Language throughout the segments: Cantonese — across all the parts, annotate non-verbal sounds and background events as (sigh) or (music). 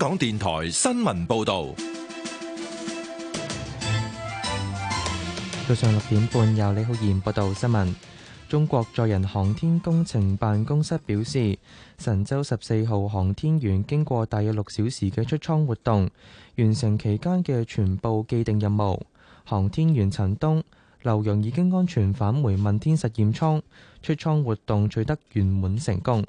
港電台新聞報道，早上六點半由李浩然報道新聞。中國載人航天工程辦公室表示，神舟十四號航天員經過大約六小時嘅出艙活動，完成期間嘅全部既定任務。航天員陳冬、劉洋已經安全返回問天實驗艙，出艙活動取得圓滿成功。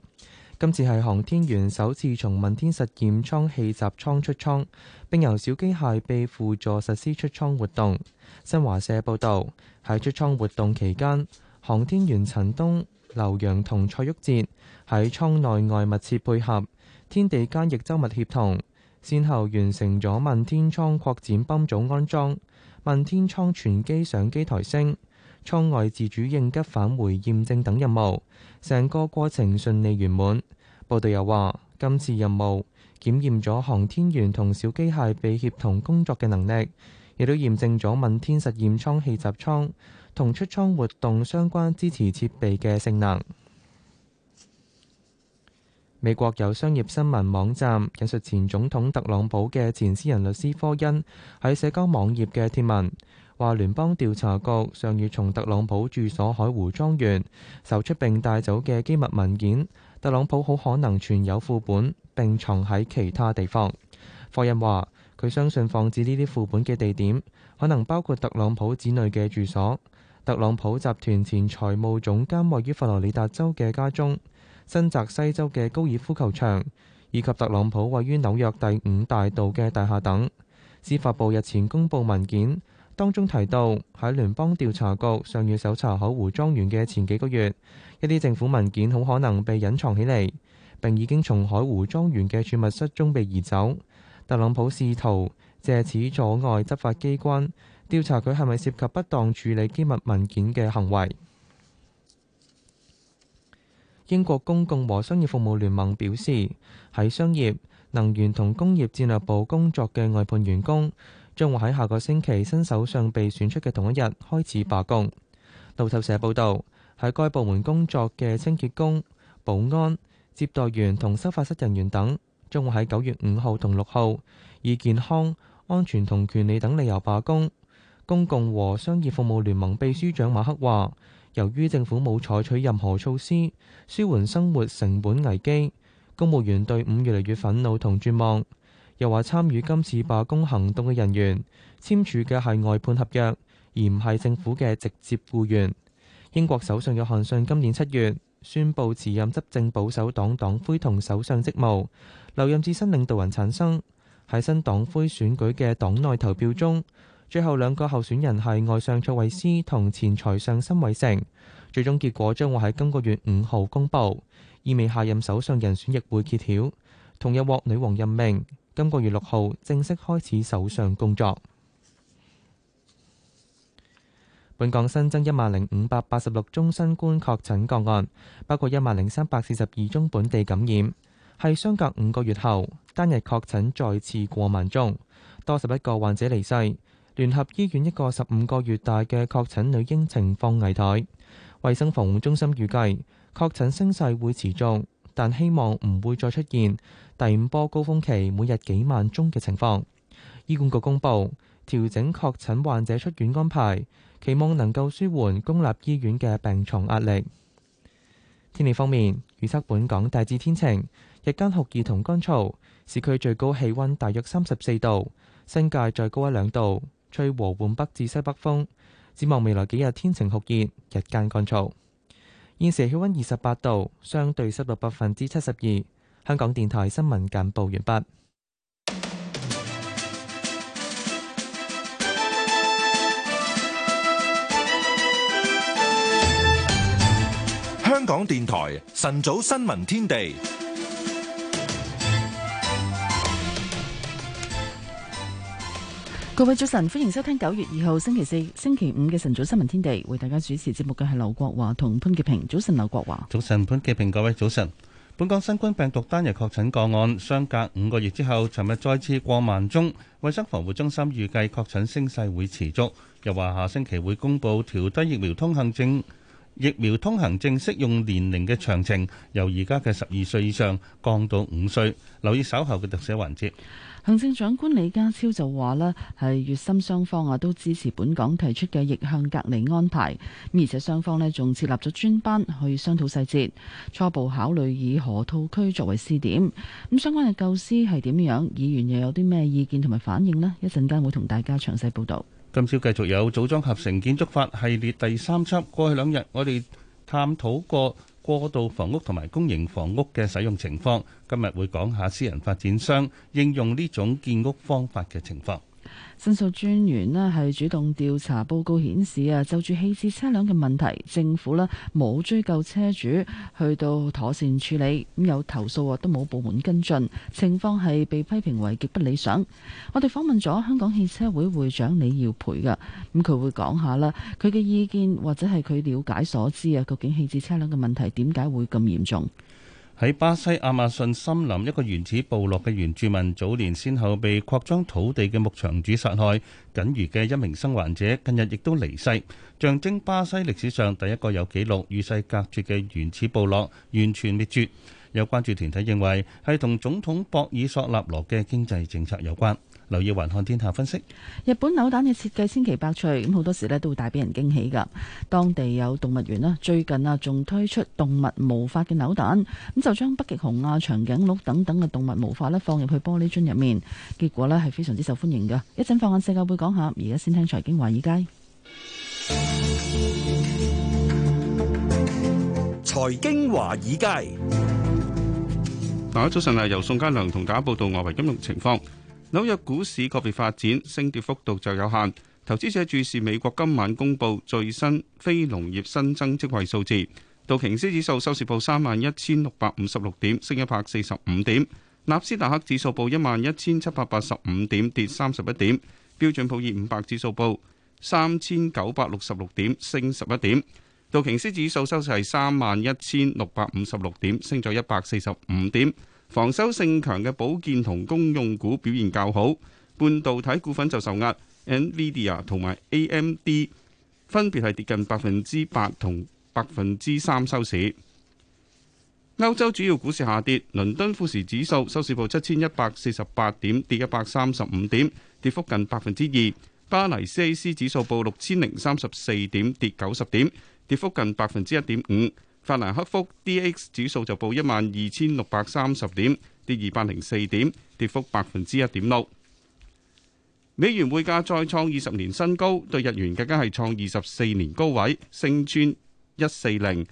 今次係航天員首次從問天實驗艙氣閘艙出艙，並由小機械臂輔助實施出艙活動。新華社報導，喺出艙活動期間，航天員陳冬、劉洋同蔡旭哲喺艙內外密切配合，天地間亦周密協同，先後完成咗問天艙擴展泵組安裝、問天艙全機相機抬升、艙外自主應急返回驗證等任務，成個過程順利圓滿。報道又話今次任務檢驗咗航天員同小機械臂協同工作嘅能力，亦都驗證咗問天實驗艙氣閘艙同出艙活動相關支持設備嘅性能。美國有商業新聞網站引述前總統特朗普嘅前私人律師科恩喺社交網頁嘅貼文，話聯邦調查局上月從特朗普住所海湖莊園搜出並帶走嘅機密文件。特朗普好可能存有副本並藏喺其他地方。霍恩話，佢相信放置呢啲副本嘅地點可能包括特朗普子女嘅住所、特朗普集團前財務總監位於佛羅里達州嘅家中、新澤西州嘅高爾夫球場以及特朗普位於紐約第五大道嘅大廈等。司法部日前公布文件。當中提到，喺聯邦調查局上月搜查海湖莊園嘅前幾個月，一啲政府文件好可能被隱藏起嚟，並已經從海湖莊園嘅儲物室中被移走。特朗普試圖借此阻礙執法機關調查佢係咪涉及不當處理機密文件嘅行為。英國公共和商業服務聯盟表示，喺商業、能源同工業戰略部工作嘅外判員工。將會喺下個星期新首相被選出嘅同一日開始罷工。路透社報道，喺該部門工作嘅清潔工、保安、接待員同收發室人員等，將會喺九月五號同六號以健康、安全同權利等理由罷工。公共和商業服務聯盟秘書長馬克話，由於政府冇採取任何措施舒緩生活成本危機，公務員隊伍越嚟越憤怒同絕望。又話參與今次罷工行動嘅人員簽署嘅係外判合約，而唔係政府嘅直接雇員。英國首相約翰遜今年七月宣布辭任執政保守黨黨魁同首相職務，留任至新領導人產生。喺新黨魁選舉嘅黨內投票中，最後兩個候選人係外相卓慧思同前財相辛偉誠。最終結果將會喺今個月五號公佈，意味下任首相人選亦會揭曉。同日獲女王任命。今個月六號正式開始首相工作。本港新增一萬零五百八十六宗新冠確診個案，包括一萬零三百四十二宗本地感染，係相隔五個月後單日確診再次過萬宗，多十一個患者離世。聯合醫院一個十五個月大嘅確診女嬰情況危殆。衛生防護中心預計確診升勢會持續，但希望唔會再出現。第五波高峰期每日幾萬宗嘅情況，醫管局公布調整確診患者出院安排，期望能夠舒緩公立醫院嘅病床壓力。天氣方面，預測本港大致天晴，日間酷熱同乾燥，市區最高氣溫大約三十四度，新界再高一兩度，吹和緩北至西北風。展望未來幾日，天晴酷熱，日間乾燥。現時氣溫二十八度，相對濕度百分之七十二。香港電台新聞簡報完畢。香港電台晨早新聞天地，各位早晨，歡迎收聽九月二號星期四，星期五嘅晨早新聞天地。為大家主持節目嘅係劉國華同潘潔平。早晨，劉國華。早晨，潘潔平。各位早晨。本港新冠病毒單日確診個案相隔五個月之後，尋日再次過萬宗。衞生防護中心預計確診升勢會持續，又話下星期會公佈調低疫苗通行證，疫苗通行證適用年齡嘅詳情，由而家嘅十二歲以上降到五歲。留意稍後嘅特寫環節。行政長官李家超就話呢係粵深雙方啊都支持本港提出嘅逆向隔離安排，咁而且雙方呢仲設立咗專班去商討細節，初步考慮以河套區作為試點。咁相關嘅構思係點樣？議員又有啲咩意見同埋反應呢？一陣間會同大家詳細報道。今朝繼續有組裝合成建築法系列第三輯，過去兩日我哋探討過。過渡房屋同埋公營房屋嘅使用情況，今日會講下私人發展商應用呢種建屋方法嘅情況。申訴專員呢係主動調查報告顯示啊，就住棄置車輛嘅問題，政府呢冇追究車主去到妥善處理，咁有投訴都冇部門跟進，情況係被批評為極不理想。我哋訪問咗香港汽車會會長李耀培噶咁，佢會講下啦，佢嘅意見或者係佢了解所知啊，究竟棄置車輛嘅問題點解會咁嚴重？喺巴西亞馬遜森林一個原始部落嘅原住民，早年先後被擴張土地嘅牧場主殺害，僅餘嘅一名生還者近日亦都離世，象徵巴西歷史上第一個有紀錄與世隔絕嘅原始部落完全滅絕。有關注團體認為，係同總統博爾索納羅嘅經濟政策有關。留意環看天下分析，日本扭蛋嘅設計千奇百趣，咁好多時咧都會帶俾人驚喜噶。當地有動物園啦，最近啊仲推出動物毛髮嘅扭蛋，咁就將北極熊啊、長頸鹿等等嘅動物毛髮咧放入去玻璃樽入面，結果咧係非常之受歡迎噶。一陣放眼世界會講下，而家先聽財經華爾街。財經華爾街，大家早晨啊！由宋嘉良同大家報道外圍金融情況。紐約股市個別發展，升跌幅度就有限。投資者注視美國今晚公佈最新非農業新增職位數字。道瓊斯指數收市報三萬一千六百五十六點，升一百四十五點。納斯達克指數報一萬一千七百八十五點，跌三十一點。標準普爾五百指數報三千九百六十六點，升十一點。道瓊斯指數收市係三萬一千六百五十六點，升咗一百四十五點。防守性強嘅保健同公用股表現較好，半導體股份就受壓，Nvidia 同埋 AMD 分別係跌近百分之八同百分之三收市。歐洲主要股市下跌，倫敦富時指數收市報七千一百四十八點，跌一百三十五點，跌幅近百分之二；巴黎 CAC 指數報六千零三十四點，跌九十點，跌幅近百分之一點五。法蘭克福 DAX 指數就報一萬二千六百三十點，跌二百零四點，跌幅百分之一點六。美元匯價再創二十年新高，對日元更加係創二十四年高位，升穿一四零。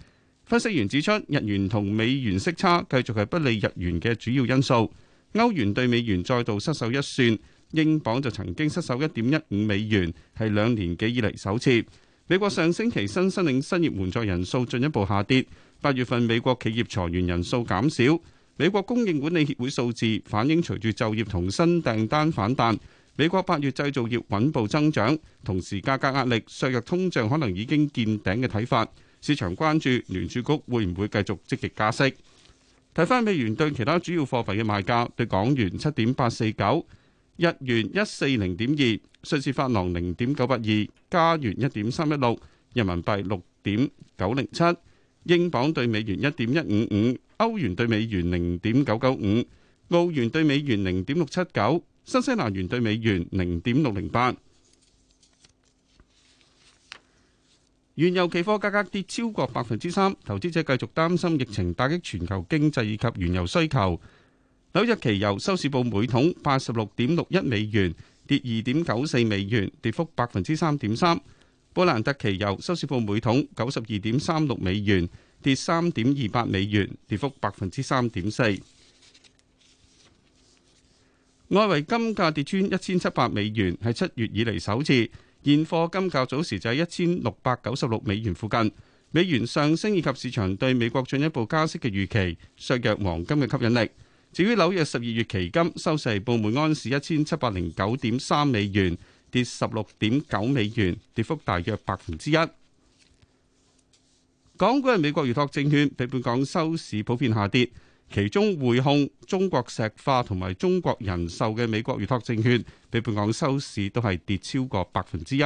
分析員指出，日元同美元息差繼續係不利日元嘅主要因素。歐元對美元再度失守一算，英鎊就曾經失守一點一五美元，係兩年幾以嚟首次。美國上星期新申領失業援助人數進一步下跌。八月份美國企業裁員人數減少。美國供應管理協會數字反映隨住就業同新訂單反彈。美國八月製造業穩步增長，同時價格壓力削弱通脹可能已經見頂嘅睇法。市場關注聯儲局會唔會繼續積極加息。睇翻美元對其他主要貨幣嘅賣價，對港元七點八四九。日元一四零點二，瑞士法郎零點九八二，加元一點三一六，人民幣六點九零七，英鎊對美元一點一五五，歐元對美元零點九九五，澳元對美元零點六七九，新西蘭元對美元零點六零八。原油期貨價格跌超過百分之三，投資者繼續擔心疫情打擊全球經濟以及原油需求。紐約期油收市報每桶八十六點六一美元，跌二點九四美元，跌幅百分之三點三。布蘭特期油收市報每桶九十二點三六美元，跌三點二八美元，跌幅百分之三點四。外圍金價跌穿一千七百美元，係七月以嚟首次。現貨金價早時就喺一千六百九十六美元附近。美元上升以及市場對美國進一步加息嘅預期，削弱黃金嘅吸引力。至於紐約十二月期金收市報每安士一千七百零九點三美元，跌十六點九美元，跌幅大約百分之一。港股係美國預託證券比本港收市普遍下跌，其中匯控、中國石化同埋中國人壽嘅美國預託證券比本港收市都係跌超過百分之一。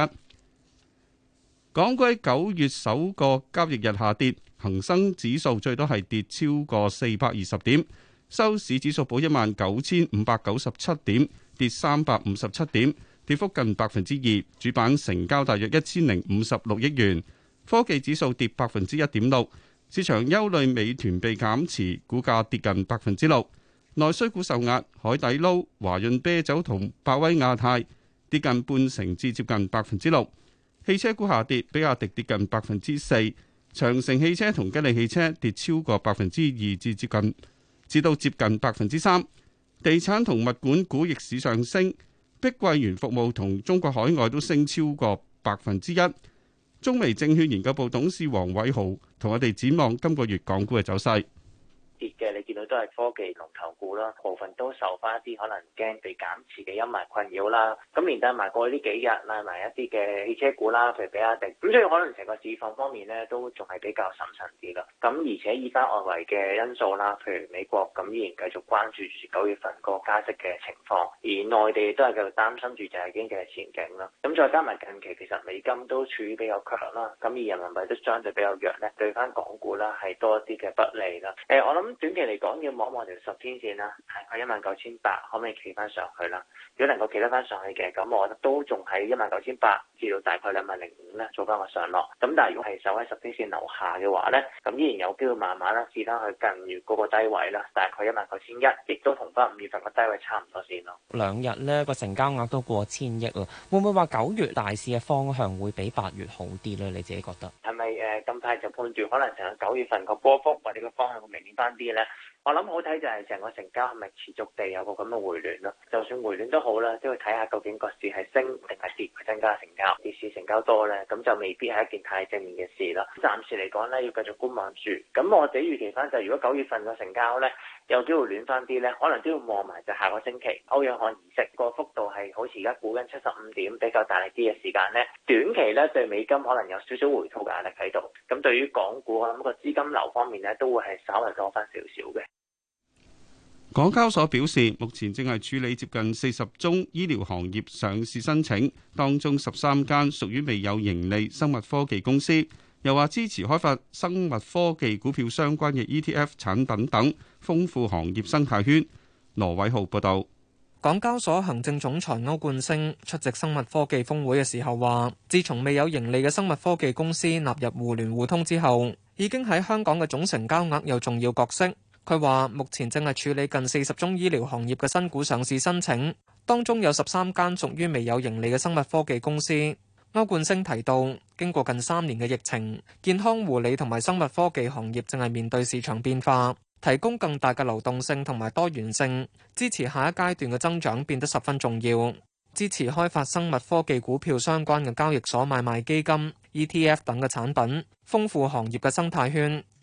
港股喺九月首個交易日下跌，恒生指數最多係跌超過四百二十點。收市指數報一萬九千五百九十七點，跌三百五十七點，跌幅近百分之二。主板成交大約一千零五十六億元。科技指數跌百分之一點六。市場憂慮美團被減持，股價跌近百分之六。內需股受壓，海底撈、華潤啤酒同百威亞太跌近半成至接近百分之六。汽車股下跌，比亞迪跌近百分之四，長城汽車同吉利汽車跌超過百分之二至接近。至到接近百分之三，地產同物管股逆市上升，碧桂園服務同中國海外都升超過百分之一。中美證券研究部董事王偉豪同我哋展望今個月港股嘅走勢。都係科技龍頭股啦，部分都受翻一啲可能驚被減持嘅陰霾困擾啦。咁連帶埋過去呢幾日，帶埋一啲嘅汽車股啦，譬如比亞迪。咁所以可能成個市況方面咧，都仲係比較審慎啲啦。咁而且依家外，外圍嘅因素啦，譬如美國咁依然繼續關注住九月份個加息嘅情況，而內地都係繼續擔心住就係經濟嘅前景啦。咁再加埋近期其實美金都處於比較強啦，咁而人民幣都相對比較弱咧，對翻港股啦係多一啲嘅不利啦。誒、欸，我諗短期嚟講。咁要望望條十天線啦，大概一萬九千八，可唔可以企翻上去啦？如果能夠企得翻上去嘅，咁我覺得都仲喺一萬九千八至到大概兩萬零五咧，做翻個上落。咁但係如果係守喺十天線樓下嘅話咧，咁依然有機會慢慢啦，至翻去近月嗰個低位啦，大概一萬九千一，亦都同翻五月份嘅低位差唔多先咯。兩日咧，個成交額都過千億啊！會唔會話九月大市嘅方向會比八月好啲咧？你自己覺得係咪誒？近排就判斷可能成日九月份個波幅或者個方向會明顯翻啲咧？我諗好睇就係成個成交係咪持續地有個咁嘅回暖咯。啊，就算回暖都好啦，都要睇下究竟個市係升定係跌，增加成交，跌市成交多咧，咁就未必係一件太正面嘅事啦。暫時嚟講咧，要繼續觀望住。咁我哋預期翻就如果九月份個成交咧有機會暖翻啲咧，可能都要望埋就下個星期歐央行議息個幅度係好似而家估緊七十五點比較大力啲嘅時間咧，短期咧對美金可能有少少回吐嘅壓力喺度。咁對於港股，我諗個資金流方面咧都會係稍微多翻少少嘅。港交所表示，目前正係處理接近四十宗醫療行業上市申請，當中十三間屬於未有盈利生物科技公司。又話支持開發生物科技股票相關嘅 ETF 產品等等，豐富行業生態圈。羅偉浩報道。港交所行政總裁歐冠昇出席生物科技峰會嘅時候話，自從未有盈利嘅生物科技公司納入互聯互通之後，已經喺香港嘅總成交額有重要角色。佢話：目前正係處理近四十宗醫療行業嘅新股上市申請，當中有十三間屬於未有盈利嘅生物科技公司。歐冠昇提到，經過近三年嘅疫情，健康護理同埋生物科技行業正係面對市場變化，提供更大嘅流動性同埋多元性，支持下一階段嘅增長變得十分重要。支持開發生物科技股票相關嘅交易所買賣基金、ETF 等嘅產品，豐富行業嘅生態圈。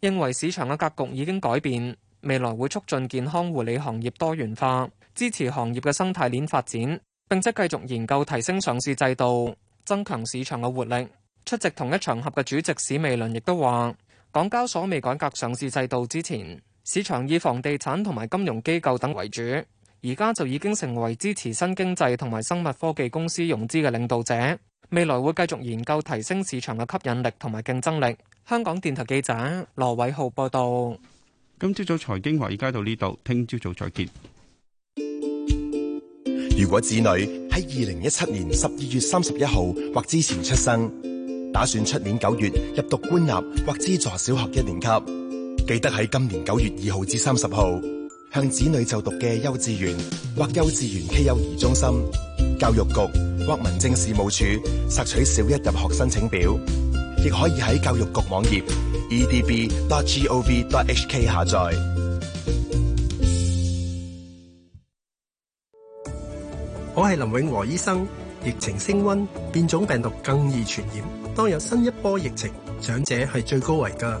認為市場嘅格局已經改變，未來會促進健康護理行業多元化，支持行業嘅生態鏈發展，並且繼續研究提升上市制度，增強市場嘅活力。出席同一場合嘅主席史美倫亦都話，港交所未改革上市制度之前，市場以房地產同埋金融機構等為主，而家就已經成為支持新經濟同埋生物科技公司融資嘅領導者。未來會繼續研究提升市場嘅吸引力同埋競爭力。香港電台記者羅偉浩報道。今朝早財經華爾街到呢度，聽朝早再見。如果子女喺二零一七年十二月三十一號或之前出生，打算出年九月入讀官立或資助小學一年級，記得喺今年九月二號至三十號。向子女就讀嘅幼稚園或幼稚園暨幼兒中心、教育局或民政事務署索取小一入學申請表，亦可以喺教育局網頁 edb.gov.hk 下載。我係林永和醫生，疫情升温，變種病毒更易傳染，當有新一波疫情，長者係最高危噶。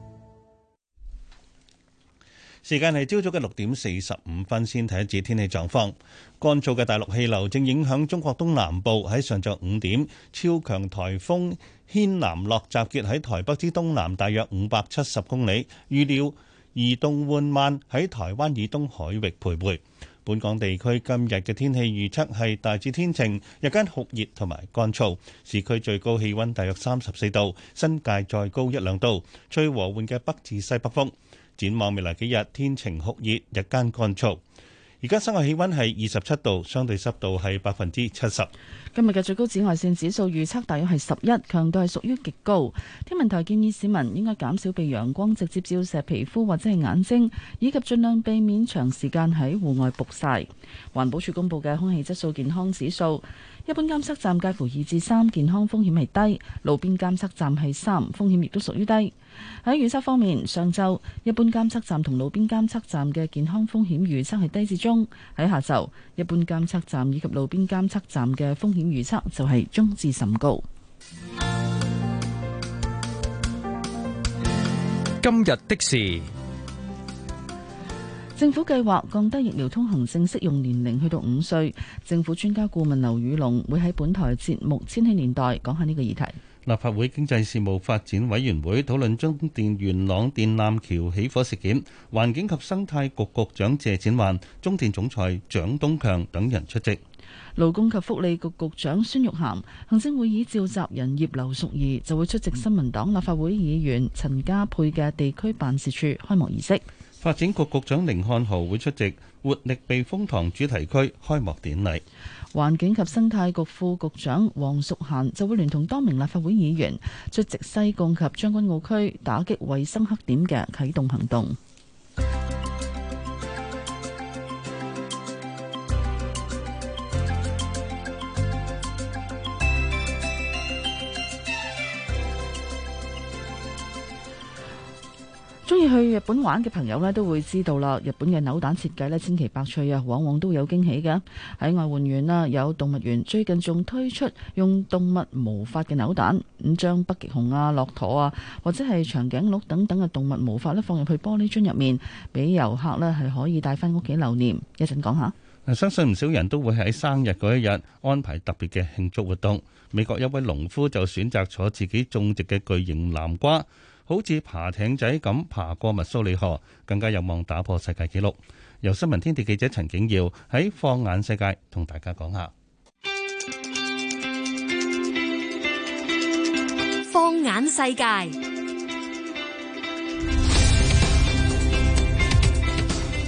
時間係朝早嘅六點四十五分，先睇一節天氣狀況。乾燥嘅大陸氣流正影響中國東南部。喺上晝五點，超強颱風軒嵐諾集結喺台北之東南大約五百七十公里，預料移動緩慢喺台灣以東海域徘徊。本港地區今日嘅天氣預測係大致天晴，日間酷熱同埋乾燥，市區最高氣溫大約三十四度，新界再高一兩度，吹和緩嘅北至西北風。展望未來幾日，天晴酷熱，日間乾燥。而家室外氣溫係二十七度，相對濕度係百分之七十。今日嘅最高紫外線指數預測大約係十一，強度係屬於極高。天文台建議市民應該減少被陽光直接照射皮膚或者係眼睛，以及盡量避免長時間喺戶外曝曬。環保署公布嘅空氣質素健康指數。一般監測站介乎二至三，健康風險係低；路邊監測站係三，風險亦都屬於低。喺預測方面，上晝一般監測站同路邊監測站嘅健康風險預測係低至中；喺下晝，一般監測站以及路邊監測站嘅風險預測就係中至甚高。今日的事。政府計劃降低疫苗通行證適用年齡去到五歲。政府專家顧問劉宇隆會喺本台節目《千禧年代》講下呢個議題。立法會經濟事務發展委員會討論中電元朗電纜橋起火事件，環境及生態局局長謝展寰、中電總裁蔣東強等人出席。勞工及福利局局長孫玉菡、行政會議召集人葉劉淑儀就會出席新民黨立法會議員陳家珮嘅地區辦事處開幕儀式。發展局局長寧漢豪會出席活力避風塘主題區開幕典禮，環境及生態局副局長黃淑嫻就會聯同多名立法會議員出席西貢及將軍澳區打擊衛生黑點嘅啟動行動。中意去日本玩嘅朋友呢，都會知道啦。日本嘅扭蛋設計咧，千奇百趣啊，往往都有驚喜嘅。喺愛媛縣啦，有動物園，最近仲推出用動物毛髮嘅扭蛋，咁將北極熊啊、駱駝啊，或者係長頸鹿等等嘅動物毛髮呢，放入去玻璃樽入面，俾遊客呢係可以帶翻屋企留念。講一陣講下，相信唔少人都會喺生日嗰一日安排特別嘅慶祝活動。美國一位農夫就選擇坐自己種植嘅巨型南瓜。好似爬艇仔咁爬過密蘇里河，更加有望打破世界紀錄。由新聞天地記者陳景耀喺放眼世界同大家講下。放眼世界。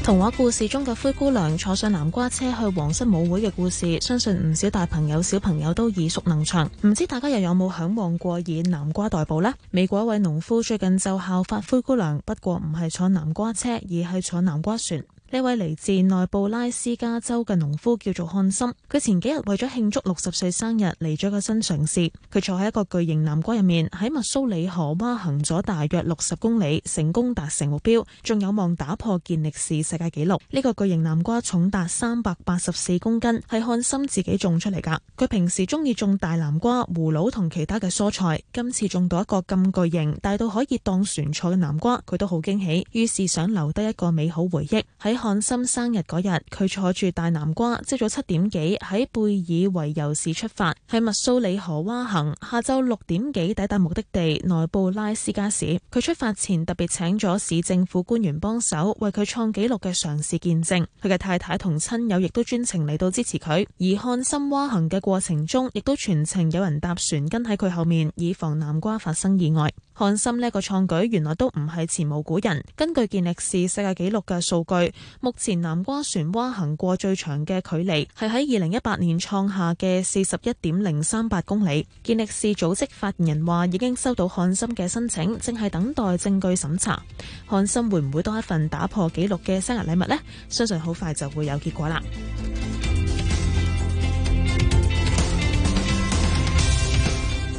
童話故事中嘅灰姑娘坐上南瓜車去皇室舞會嘅故事，相信唔少大朋友小朋友都耳熟能詳。唔知大家又有冇嚮往過以南瓜代步呢？美國一位農夫最近就效法灰姑娘，不過唔係坐南瓜車，而係坐南瓜船。呢位嚟自內布拉斯加州嘅農夫叫做漢森，佢前幾日為咗慶祝六十歲生日嚟咗個新嘗試。佢坐喺一個巨型南瓜入面，喺密蘇里河划行咗大約六十公里，成功達成目標，仲有望打破健力士世界紀錄。呢個巨型南瓜重達三百八十四公斤，係漢森自己種出嚟㗎。佢平時中意種大南瓜、葫蘆同其他嘅蔬菜，今次種到一個咁巨型、大到可以當船坐嘅南瓜，佢都好驚喜，於是想留低一個美好回憶喺。漢森生日嗰日，佢坐住大南瓜，朝早七點幾喺貝爾維尤市出發，喺密蘇里河划行。下晝六點幾抵達目的地內布拉斯加市。佢出發前特別請咗市政府官員幫手為佢創紀錄嘅嘗試見證。佢嘅太太同親友亦都專程嚟到支持佢。而漢森划行嘅過程中，亦都全程有人搭船跟喺佢後面，以防南瓜發生意外。漢森呢個創舉原來都唔係前無古人。根據健力士世界紀錄嘅數據。目前南瓜船蛙行過最長嘅距離，係喺二零一八年創下嘅四十一點零三八公里。健力士組織發言人話，已經收到漢森嘅申請，正係等待證據審查。漢森會唔會多一份打破紀錄嘅生日禮物呢？相信好快就會有結果啦。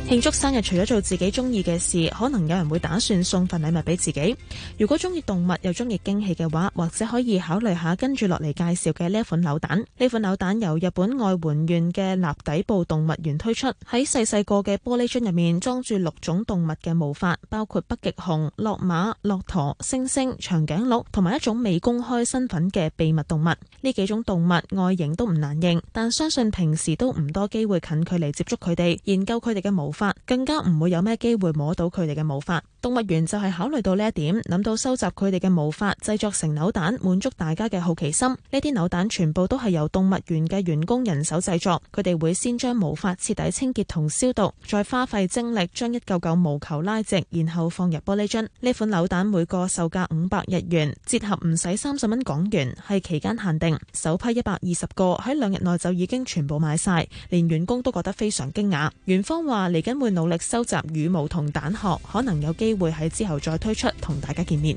慶祝生日，除咗做自己中意嘅事，可能有人會打算送份禮物俾自己。如果中意動物又中意驚喜嘅話，或者可以考慮下跟住落嚟介紹嘅呢一款扭蛋。呢款扭蛋由日本愛媛縣嘅立底部動物園推出，喺細細個嘅玻璃樽入面裝住六種動物嘅毛髮，包括北極熊、駱馬、駱駝、猩猩、長頸鹿同埋一種未公開身份嘅秘密動物。呢幾種動物外形都唔難認，但相信平時都唔多機會近距離接觸佢哋，研究佢哋嘅毛法更加唔會有咩機會摸到佢哋嘅毛髮。動物園就係考慮到呢一點，諗到收集佢哋嘅毛髮，製作成扭蛋，滿足大家嘅好奇心。呢啲扭蛋全部都係由動物園嘅員工人手製作，佢哋會先將毛髮徹底清潔同消毒，再花費精力將一嚿嚿毛球拉直，然後放入玻璃樽。呢款扭蛋每個售價五百日元，折合唔使三十蚊港元。係期間限定，首批一百二十個喺兩日內就已經全部賣晒，連員工都覺得非常驚訝。園方話嚟緊會努力收集羽毛同蛋殼，可能有機會，會喺之後再推出，同大家見面。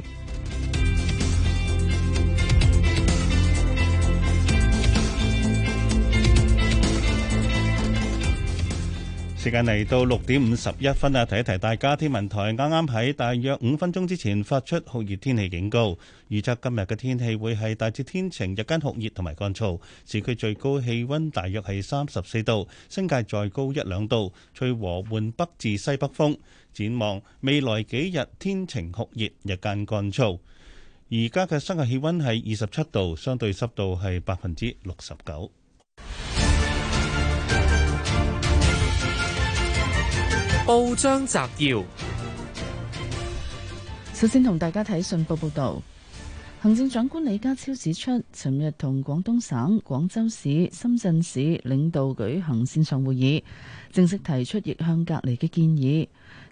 時間嚟到六點五十一分啦，提一提大家，天文台啱啱喺大約五分鐘之前發出酷熱天氣警告，預測今日嘅天氣會係大致天晴，日間酷熱同埋乾燥，市區最高氣溫大約係三十四度，新界再高一兩度，吹和緩北至西北風。展望未來幾日天晴酷熱，日間乾燥。而家嘅室外氣溫係二十七度，相對濕度係百分之六十九。報章摘要首先同大家睇信報報道。行政長官李家超指出，尋日同廣東省、廣州市、深圳市領導舉行線上會議，正式提出逆向隔離嘅建議。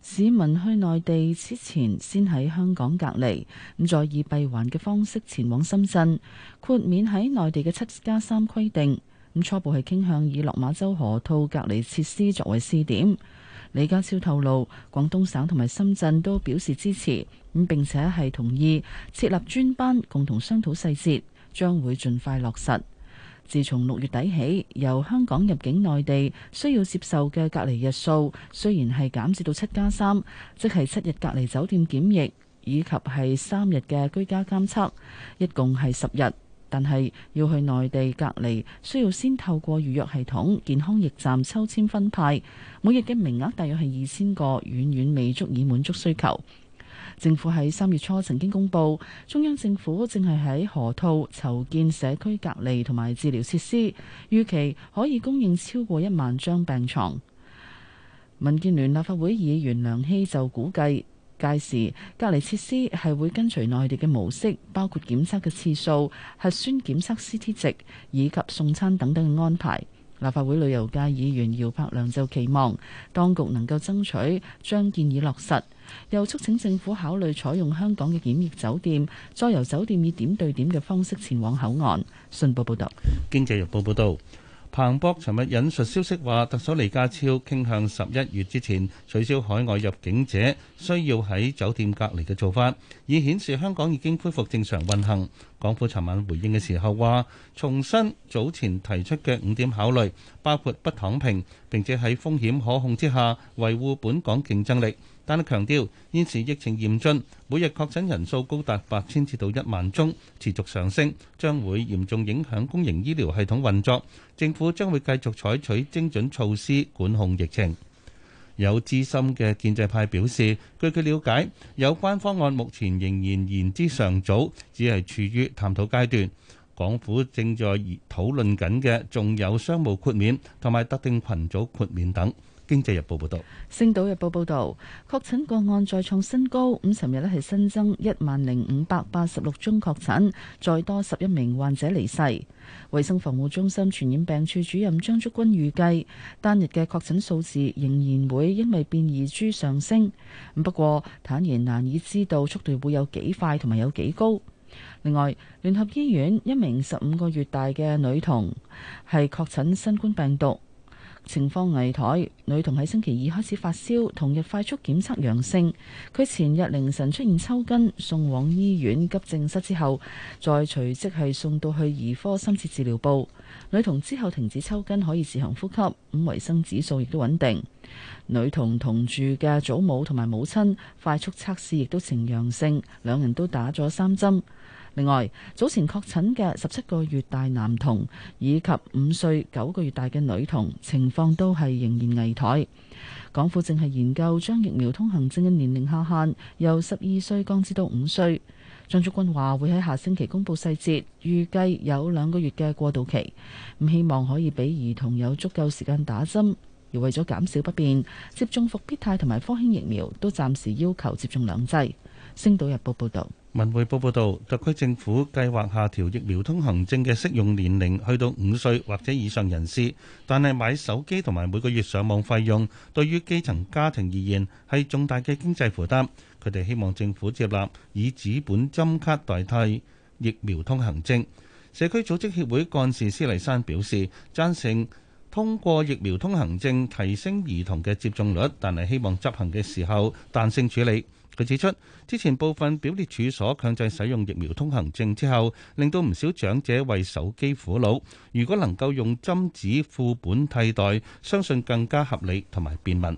市民去內地之前，先喺香港隔離，咁再以閉環嘅方式前往深圳，豁免喺內地嘅七加三規定。咁初步係傾向以落馬洲河套隔離設施作為試點。李家超透露，廣東省同埋深圳都表示支持，咁並且係同意設立專班，共同商討細節，將會盡快落實。自從六月底起，由香港入境內地需要接受嘅隔離日數雖然係減少到七加三，3，即係七日隔離酒店檢疫以及係三日嘅居家監測，一共係十日。但係要去內地隔離，需要先透過預約系統健康驛站抽籤分派，每日嘅名額大約係二千個，遠遠未足以滿足需求。政府喺三月初曾經公布，中央政府正係喺河套籌建社區隔離同埋治療設施，預期可以供應超過一萬張病床。民建聯立法會議員梁希就估計，屆時隔離設施係會跟隨內地嘅模式，包括檢測嘅次數、核酸檢測 Ct 值以及送餐等等嘅安排。立法會旅遊界議員姚柏良就期望當局能夠爭取將建議落實，又促請政府考慮採用香港嘅檢疫酒店，再由酒店以點對點嘅方式前往口岸。信報報道。經濟日報報導。彭博尋日引述消息話，特首李家超傾向十一月之前取消海外入境者需要喺酒店隔離嘅做法，以顯示香港已經恢復正常運行。港府尋晚回應嘅時候話，重申早前提出嘅五點考慮，包括不躺平，並且喺風險可控之下維護本港競爭力。但係強調現時疫情嚴峻，每日確診人數高達八千至到一萬宗，持續上升，將會嚴重影響公營醫療系統運作。政府將會繼續採取精準措施管控疫情。有資深嘅建制派表示，據佢了解，有關方案目前仍然言之尚早，只係處於探討階段。港府正在討論緊嘅，仲有商務豁免同埋特定群組豁免等。經濟日報報道，星島日報報道，確診個案再創新高。五尋日咧係新增一萬零五百八十六宗確診，再多十一名患者離世。衛生防護中心傳染病處主任張竹君預計，單日嘅確診數字仍然會因為變異株上升。不過坦言難以知道速度會有幾快同埋有幾高。另外，聯合醫院一名十五個月大嘅女童係確診新冠病毒。情況危殆，女童喺星期二開始發燒，同日快速檢測陽性。佢前日凌晨出現抽筋，送往醫院急症室之後，再隨即係送到去兒科深切治療部。女童之後停止抽筋，可以自行呼吸，咁、嗯、維生指數亦都穩定。女童同住嘅祖母同埋母親快速測試亦都呈陽性，兩人都打咗三針。另外，早前確診嘅十七個月大男童以及五歲九個月大嘅女童情況都係仍然危殆。港府正係研究將疫苗通行證嘅年齡下限由十二歲降至到五歲。張竹君話會喺下星期公布細節，預計有兩個月嘅過渡期，咁希望可以俾兒童有足夠時間打針。而為咗減少不便，接種復必泰同埋科興疫苗都暫時要求接種兩劑。星島日報報道，文匯報報道，特區政府計劃下調疫苗通行證嘅適用年齡，去到五歲或者以上人士。但係買手機同埋每個月上網費用，對於基層家庭而言係重大嘅經濟負擔。佢哋希望政府接納以紙本針卡代替疫苗通行證。社區組織協會幹事施麗珊表示，贊成通過疫苗通行證提升兒童嘅接種率，但係希望執行嘅時候彈性處理。佢指出，之前部分表列處所強制使用疫苗通行證之後，令到唔少長者為手機苦惱。如果能夠用針紙副本替代，相信更加合理同埋便民。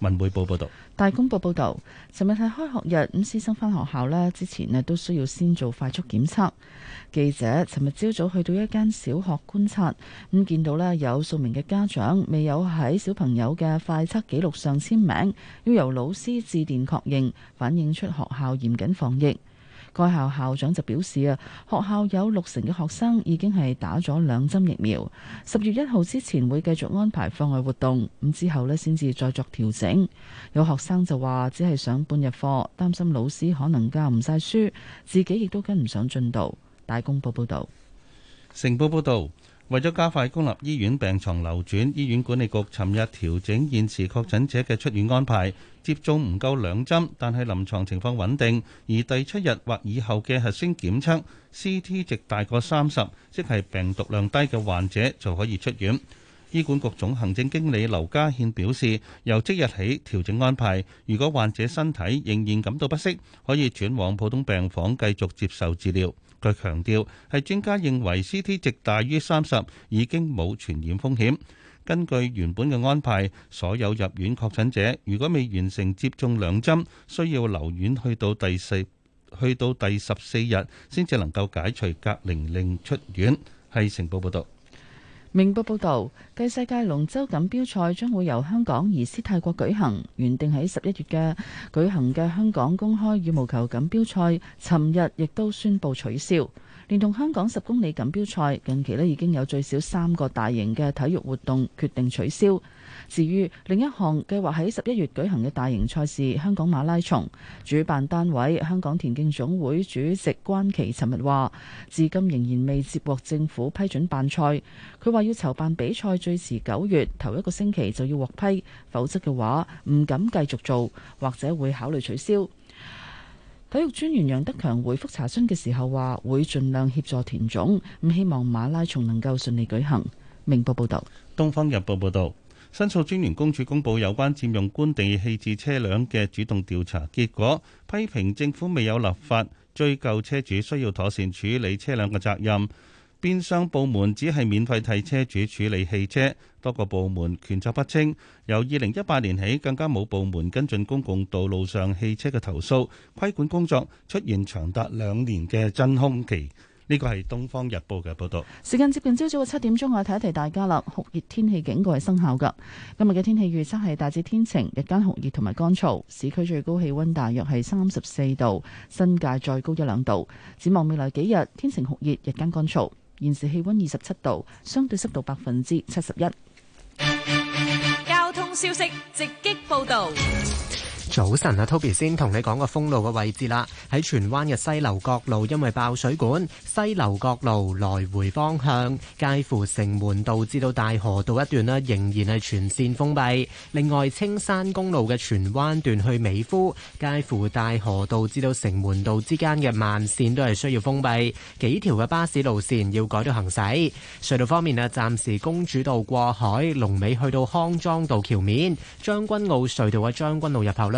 文匯報報道，大公報報道，尋日係開學日，咁師生返學校啦，之前咧都需要先做快速檢測。記者尋日朝早去到一間小學觀察，咁見到咧有數名嘅家長未有喺小朋友嘅快測記錄上簽名，要由老師致電確認，反映出學校嚴謹防疫。該校校長就表示啊，學校有六成嘅學生已經係打咗兩針疫苗，十月一號之前會繼續安排課外活動，咁之後呢先至再作調整。有學生就話只係上半日課，擔心老師可能教唔晒書，自己亦都跟唔上進度。大公報報道。成報報道。為咗加快公立醫院病床流轉，醫院管理局尋日調整現時確診者嘅出院安排。接種唔夠兩針，但係臨床情況穩定，而第七日或以後嘅核酸檢測 CT 值大過三十，即係病毒量低嘅患者就可以出院。醫管局總行政經理劉家憲表示，由即日起調整安排。如果患者身體仍然感到不適，可以轉往普通病房繼續接受治療。佢強調係專家認為 CT 值大於三十已經冇傳染風險。根據原本嘅安排，所有入院確診者如果未完成接種兩針，需要留院去到第四去到第十四日先至能夠解除隔離令出院。係成報報導。明報報道，繼世界龍舟錦標賽將會由香港移師泰國舉行，原定喺十一月嘅舉行嘅香港公開羽毛球錦標賽，尋日亦都宣布取消，連同香港十公里錦標賽，近期呢已經有最少三個大型嘅體育活動決定取消。至於另一項計劃喺十一月舉行嘅大型賽事香港馬拉松，主辦單位香港田徑總會主席關琪尋日話，至今仍然未接獲政府批准辦賽。佢話要籌辦比賽最遲九月頭一個星期就要獲批，否則嘅話唔敢繼續做，或者會考慮取消。體育專員楊德強回覆查詢嘅時候話，會盡量協助田總，咁希望馬拉松能夠順利舉行。明報報道。東方日報報道。申訴專員公署公布有關佔用官地棄置車輛嘅主動調查結果，批評政府未有立法追究車主，需要妥善處理車輛嘅責任。變相部門只係免費替車主處理汽車，多個部門權責不清。由二零一八年起，更加冇部門跟進公共道路上汽車嘅投訴規管工作，出現長達兩年嘅真空期。呢個係《東方日報》嘅報道。時間接近朝早嘅七點鐘，我提一提大家啦。酷熱天氣警告係生效㗎。今日嘅天氣預測係大致天晴，日間酷熱同埋乾燥。市區最高氣溫大約係三十四度，新界再高一兩度。展望未來幾日，天晴酷熱，日間乾燥。現時氣溫二十七度，相對濕度百分之七十一。交通消息直擊報道。早晨啊，Toby 先同你講個封路嘅位置啦。喺荃灣嘅西樓角路，因為爆水管，西樓角路來回方向介乎城門道至到大河道一段咧，仍然係全線封閉。另外，青山公路嘅荃灣段去美孚，介乎大河道至到城門道之間嘅慢線都係需要封閉，幾條嘅巴士路線要改咗行駛。隧道方面啊，暫時公主道過海，龍尾去到康莊道橋面，將軍澳隧道嘅將軍澳入口咧。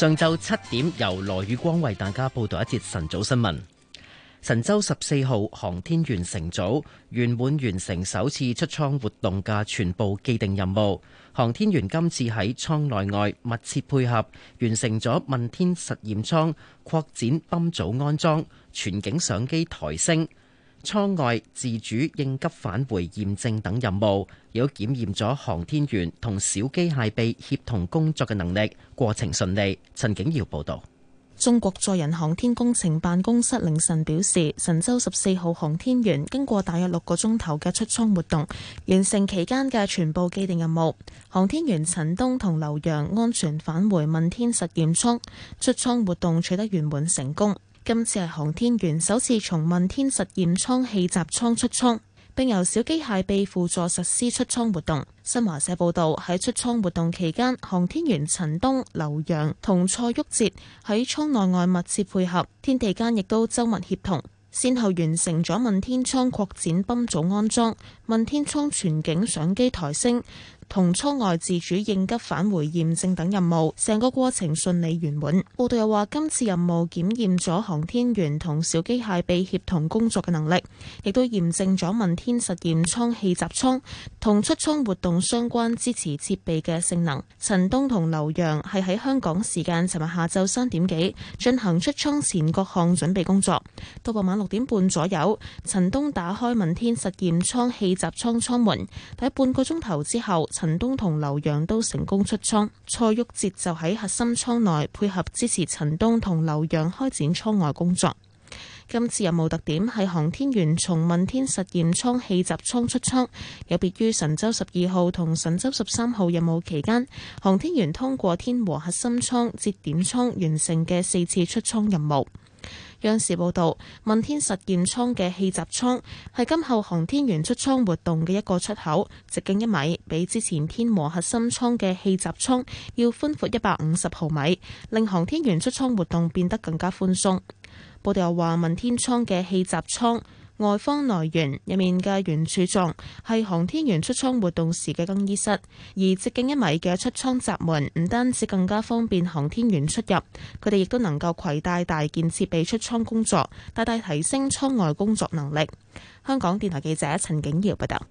上晝七點，由羅宇光為大家報道一節晨早新聞。神舟十四號航天員乘組圓滿完成首次出艙活動嘅全部既定任務。航天員今次喺艙內外密切配合，完成咗問天實驗艙擴展泵組安裝、全景相機抬升、艙外自主應急返回驗證等任務，亦都檢驗咗航天員同小機械臂協同工作嘅能力，過程順利。陳景堯報道。中國載人航天工程辦公室凌晨表示，神舟十四號航天員經過大約六個鐘頭嘅出艙活動，完成期間嘅全部既定任務。航天員陳冬同劉洋安全返回問天實驗艙，出艙活動取得圓滿成功。今次係航天員首次從問天實驗艙氣閘艙出艙，並由小機械臂輔助實施出艙活動。新華社報導，喺出艙活動期間，航天員陳冬、劉洋同蔡旭哲喺艙內外密切配合，天地間亦都周密協同，先後完成咗問天艙擴展泵組安裝、問天艙全景相機抬升，同艙外自主應急返回驗證等任務，成個過程順利圓滿。報道又話，今次任務檢驗咗航天員同小機械臂協同工作嘅能力，亦都驗證咗問天實驗艙氣閘艙同出艙活動相關支持設備嘅性能。陳冬同劉洋係喺香港時間尋日下晝三點幾進行出艙前各項準備工作，到傍晚六點半左右，陳冬打開問天實驗艙氣閘艙艙門，喺半個鐘頭之後。陳東同劉洋都成功出艙，蔡旭哲就喺核心艙內配合支持陳東同劉洋開展艙外工作。今次任務特點係航天員從問天實驗艙氣閘艙出艙，有別於神舟十二號同神舟十三號任務期間，航天員通過天和核心艙節點艙完成嘅四次出艙任務。央視報道，問天實驗艙嘅氣閘艙係今後航天員出艙活動嘅一個出口，直徑一米，比之前天和核心艙嘅氣閘艙要寬闊一百五十毫米，令航天員出艙活動變得更加寬鬆。報道又話，問天艙嘅氣閘艙。外方內圓入面嘅圓柱狀係航天員出艙活動時嘅更衣室，而直徑一米嘅出艙閘門唔單止更加方便航天員出入，佢哋亦都能夠攜帶大件設備出艙工作，大大提升艙外工作能力。香港電台記者陳景堯報道。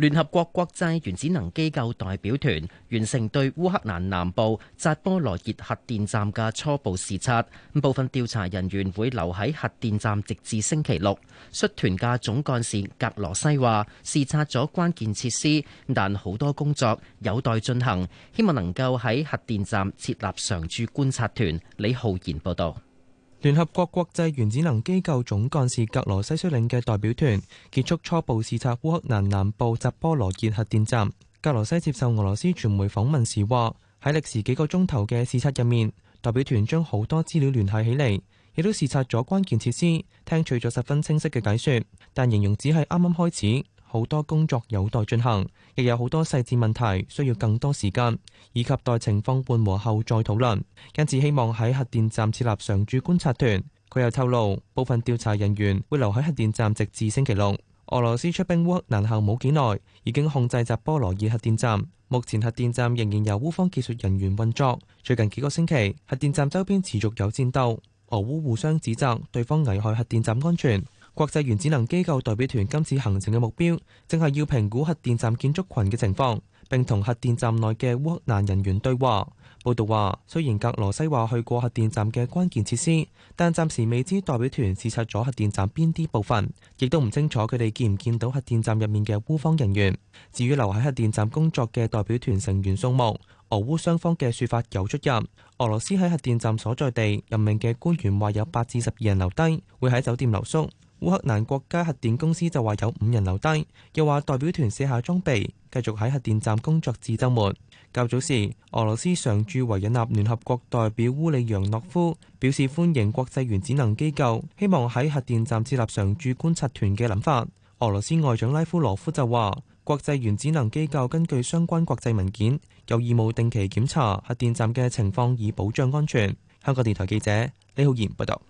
聯合國國際原子能機構代表團完成對烏克蘭南部扎波羅熱核電站嘅初步視察，部分調查人員會留喺核電站直至星期六。率團嘅總幹事格羅西話：視察咗關鍵設施，但好多工作有待進行，希望能夠喺核電站設立常駐觀察團。李浩然報導。聯合國國際原子能機構總幹事格羅西率領嘅代表團結束初步視察烏克蘭南，南部扎波羅熱核電站。格羅西接受俄羅斯傳媒訪問時話：喺歷時幾個鐘頭嘅視察入面，代表團將好多資料聯繫起嚟，亦都視察咗關鍵設施，聽取咗十分清晰嘅解說，但形容只係啱啱開始。好多工作有待進行，亦有好多細節問題需要更多時間，以及待情況緩和後再討論。因此希望喺核電站設立常駐觀察團。佢又透露，部分調查人員會留喺核電站直至星期六。俄羅斯出兵烏克蘭後冇幾耐，已經控制扎波羅爾核電站。目前核電站仍然由烏方技術人員運作。最近幾個星期，核電站周邊持續有戰鬥，俄烏互相指責對方危害核電站安全。國際原子能機構代表團今次行程嘅目標，正係要評估核電站建築群嘅情況，並同核電站內嘅烏克蘭人員對話。報道話，雖然格羅西話去過核電站嘅關鍵設施，但暫時未知代表團視察咗核電站邊啲部分，亦都唔清楚佢哋見唔見到核電站入面嘅烏方人員。至於留喺核電站工作嘅代表團成員數目，俄烏雙方嘅說法有出入。俄羅斯喺核電站所在地任命嘅官員話有八至十二人留低，會喺酒店留宿。烏克蘭國家核電公司就話有五人留低，又話代表團卸下裝備，繼續喺核電站工作至周末。較早時，俄羅斯常駐維也納聯合國代表烏里揚諾夫表示歡迎國際原子能機構希望喺核電站設立常駐觀察團嘅諗法。俄羅斯外長拉夫羅夫就話，國際原子能機構根據相關國際文件有義務定期檢查核電站嘅情況，以保障安全。香港電台記者李浩然報道。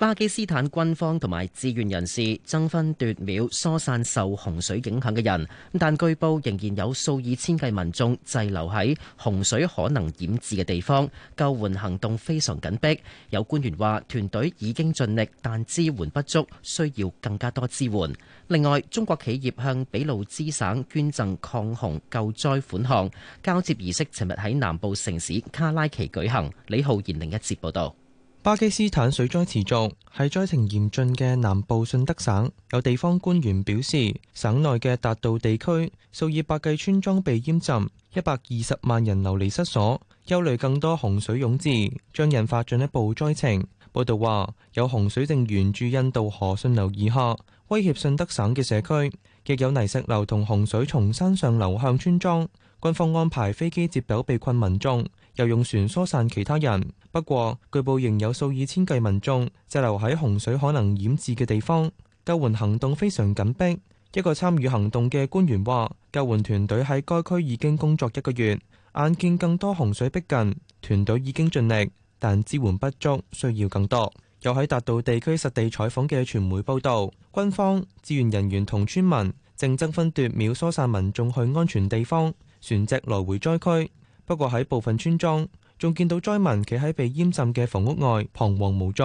巴基斯坦軍方同埋志願人士爭分奪秒疏散受洪水影響嘅人，但據報仍然有數以千計民眾滯留喺洪水可能淹至嘅地方，救援行動非常緊迫。有官員話：團隊已經盡力，但支援不足，需要更加多支援。另外，中國企業向俾路支省捐贈抗洪救災款項，交接儀式尋日喺南部城市卡拉奇舉行。李浩然另一節報道。巴基斯坦水災持續，喺災情嚴峻嘅南部信德省，有地方官員表示，省內嘅達道地區數以百計村莊被淹浸，一百二十萬人流離失所，憂慮更多洪水湧至將引發進一步災情。報道話，有洪水正沿著印度河順流以下，威脅信德省嘅社區，亦有泥石流同洪水從山上流向村莊。軍方安排飛機接走被困民眾。.又用船疏散其他人，不過據報仍有數以千計民眾滯留喺洪水可能淹至嘅地方，救援行動非常緊迫。一個參與行動嘅官員話：救援團隊喺該區已經工作一個月，眼見更多洪水逼近，團隊已經盡力，但支援不足，需要更多。又喺達到地區實地採訪嘅傳媒報道，軍方支援人員同村民正爭分奪秒疏散民眾去安全地方，船隻來回災區。不過喺部分村莊，仲見到災民企喺被淹浸嘅房屋外彷徨無助。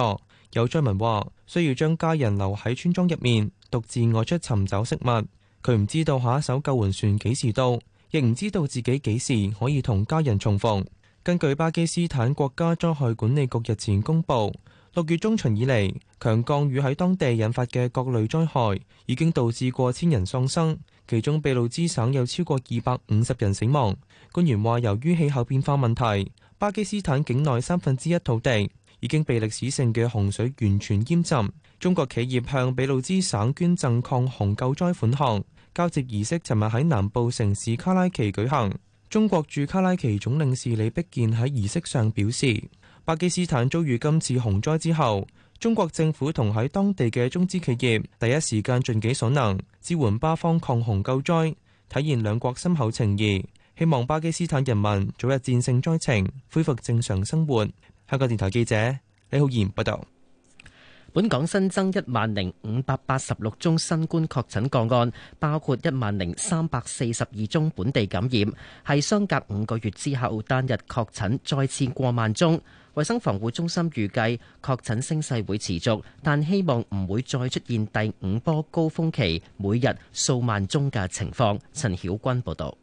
有災民話需要將家人留喺村莊入面，獨自外出尋找食物。佢唔知道下一艘救援船幾時到，亦唔知道自己幾時可以同家人重逢。根據巴基斯坦國家災害管理局日前公布，六月中旬以嚟強降雨喺當地引發嘅各類災害，已經導致過千人喪生。其中俾路支省有超過二百五十人死亡。官員話，由於氣候變化問題，巴基斯坦境內三分之一土地已經被歷史性嘅洪水完全淹浸。中國企業向俾路支省捐贈抗洪救災款項，交接儀式尋日喺南部城市卡拉奇舉行。中國駐卡拉奇總領事李碧健喺儀式上表示，巴基斯坦遭遇今次洪災之後，中國政府同喺當地嘅中資企業第一時間盡己所能。支援巴方抗洪救災，體現兩國深厚情誼。希望巴基斯坦人民早日戰勝災情，恢復正常生活。香港電台記者李浩然報道。本港新增一萬零五百八十六宗新冠確診個案，包括一萬零三百四十二宗本地感染，係相隔五個月之後單日確診再次過萬宗。衛生防護中心預計確診升勢會持續，但希望唔會再出現第五波高峰期，每日數萬宗嘅情況。陳曉君報導，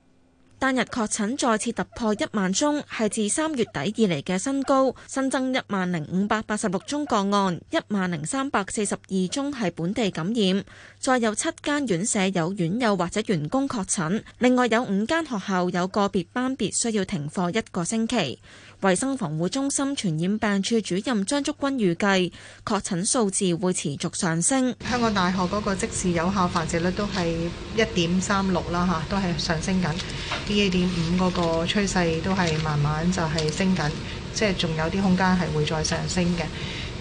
單日確診再次突破一萬宗，係自三月底以嚟嘅新高，新增一萬零五百八十六宗個案，一萬零三百四十二宗係本地感染，再有七間院舍有院友或者員工確診，另外有五間學校有個別班別需要停課一個星期。衛生防護中心傳染病處主任張竹君預計，確診數字會持續上升。香港大學嗰個即時有效繁殖率都係一點三六啦，吓都係上升緊，BA 點五嗰個趨勢都係慢慢就係升緊，即係仲有啲空間係會再上升嘅。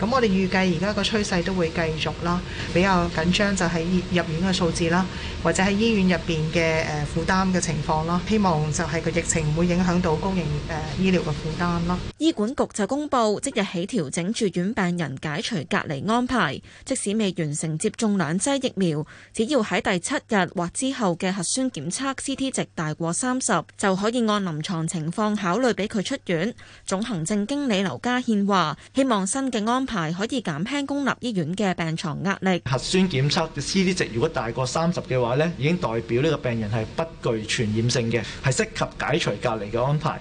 咁我哋預計而家個趨勢都會繼續啦，比較緊張就係入院嘅數字啦，或者喺醫院入邊嘅誒負擔嘅情況啦。希望就係個疫情唔會影響到公營誒醫療嘅負擔啦。醫管局就公布即日起調整住院病人解除隔離安排，即使未完成接種兩劑疫苗，只要喺第七日或之後嘅核酸檢測 CT 值大過三十，就可以按臨床情況考慮俾佢出院。總行政經理劉家獻話：希望新嘅安排。可以減輕公立醫院嘅病床壓力。核酸檢測 CT 值如果大過三十嘅話咧，已經代表呢個病人係不具傳染性嘅，係適合解除隔離嘅安排。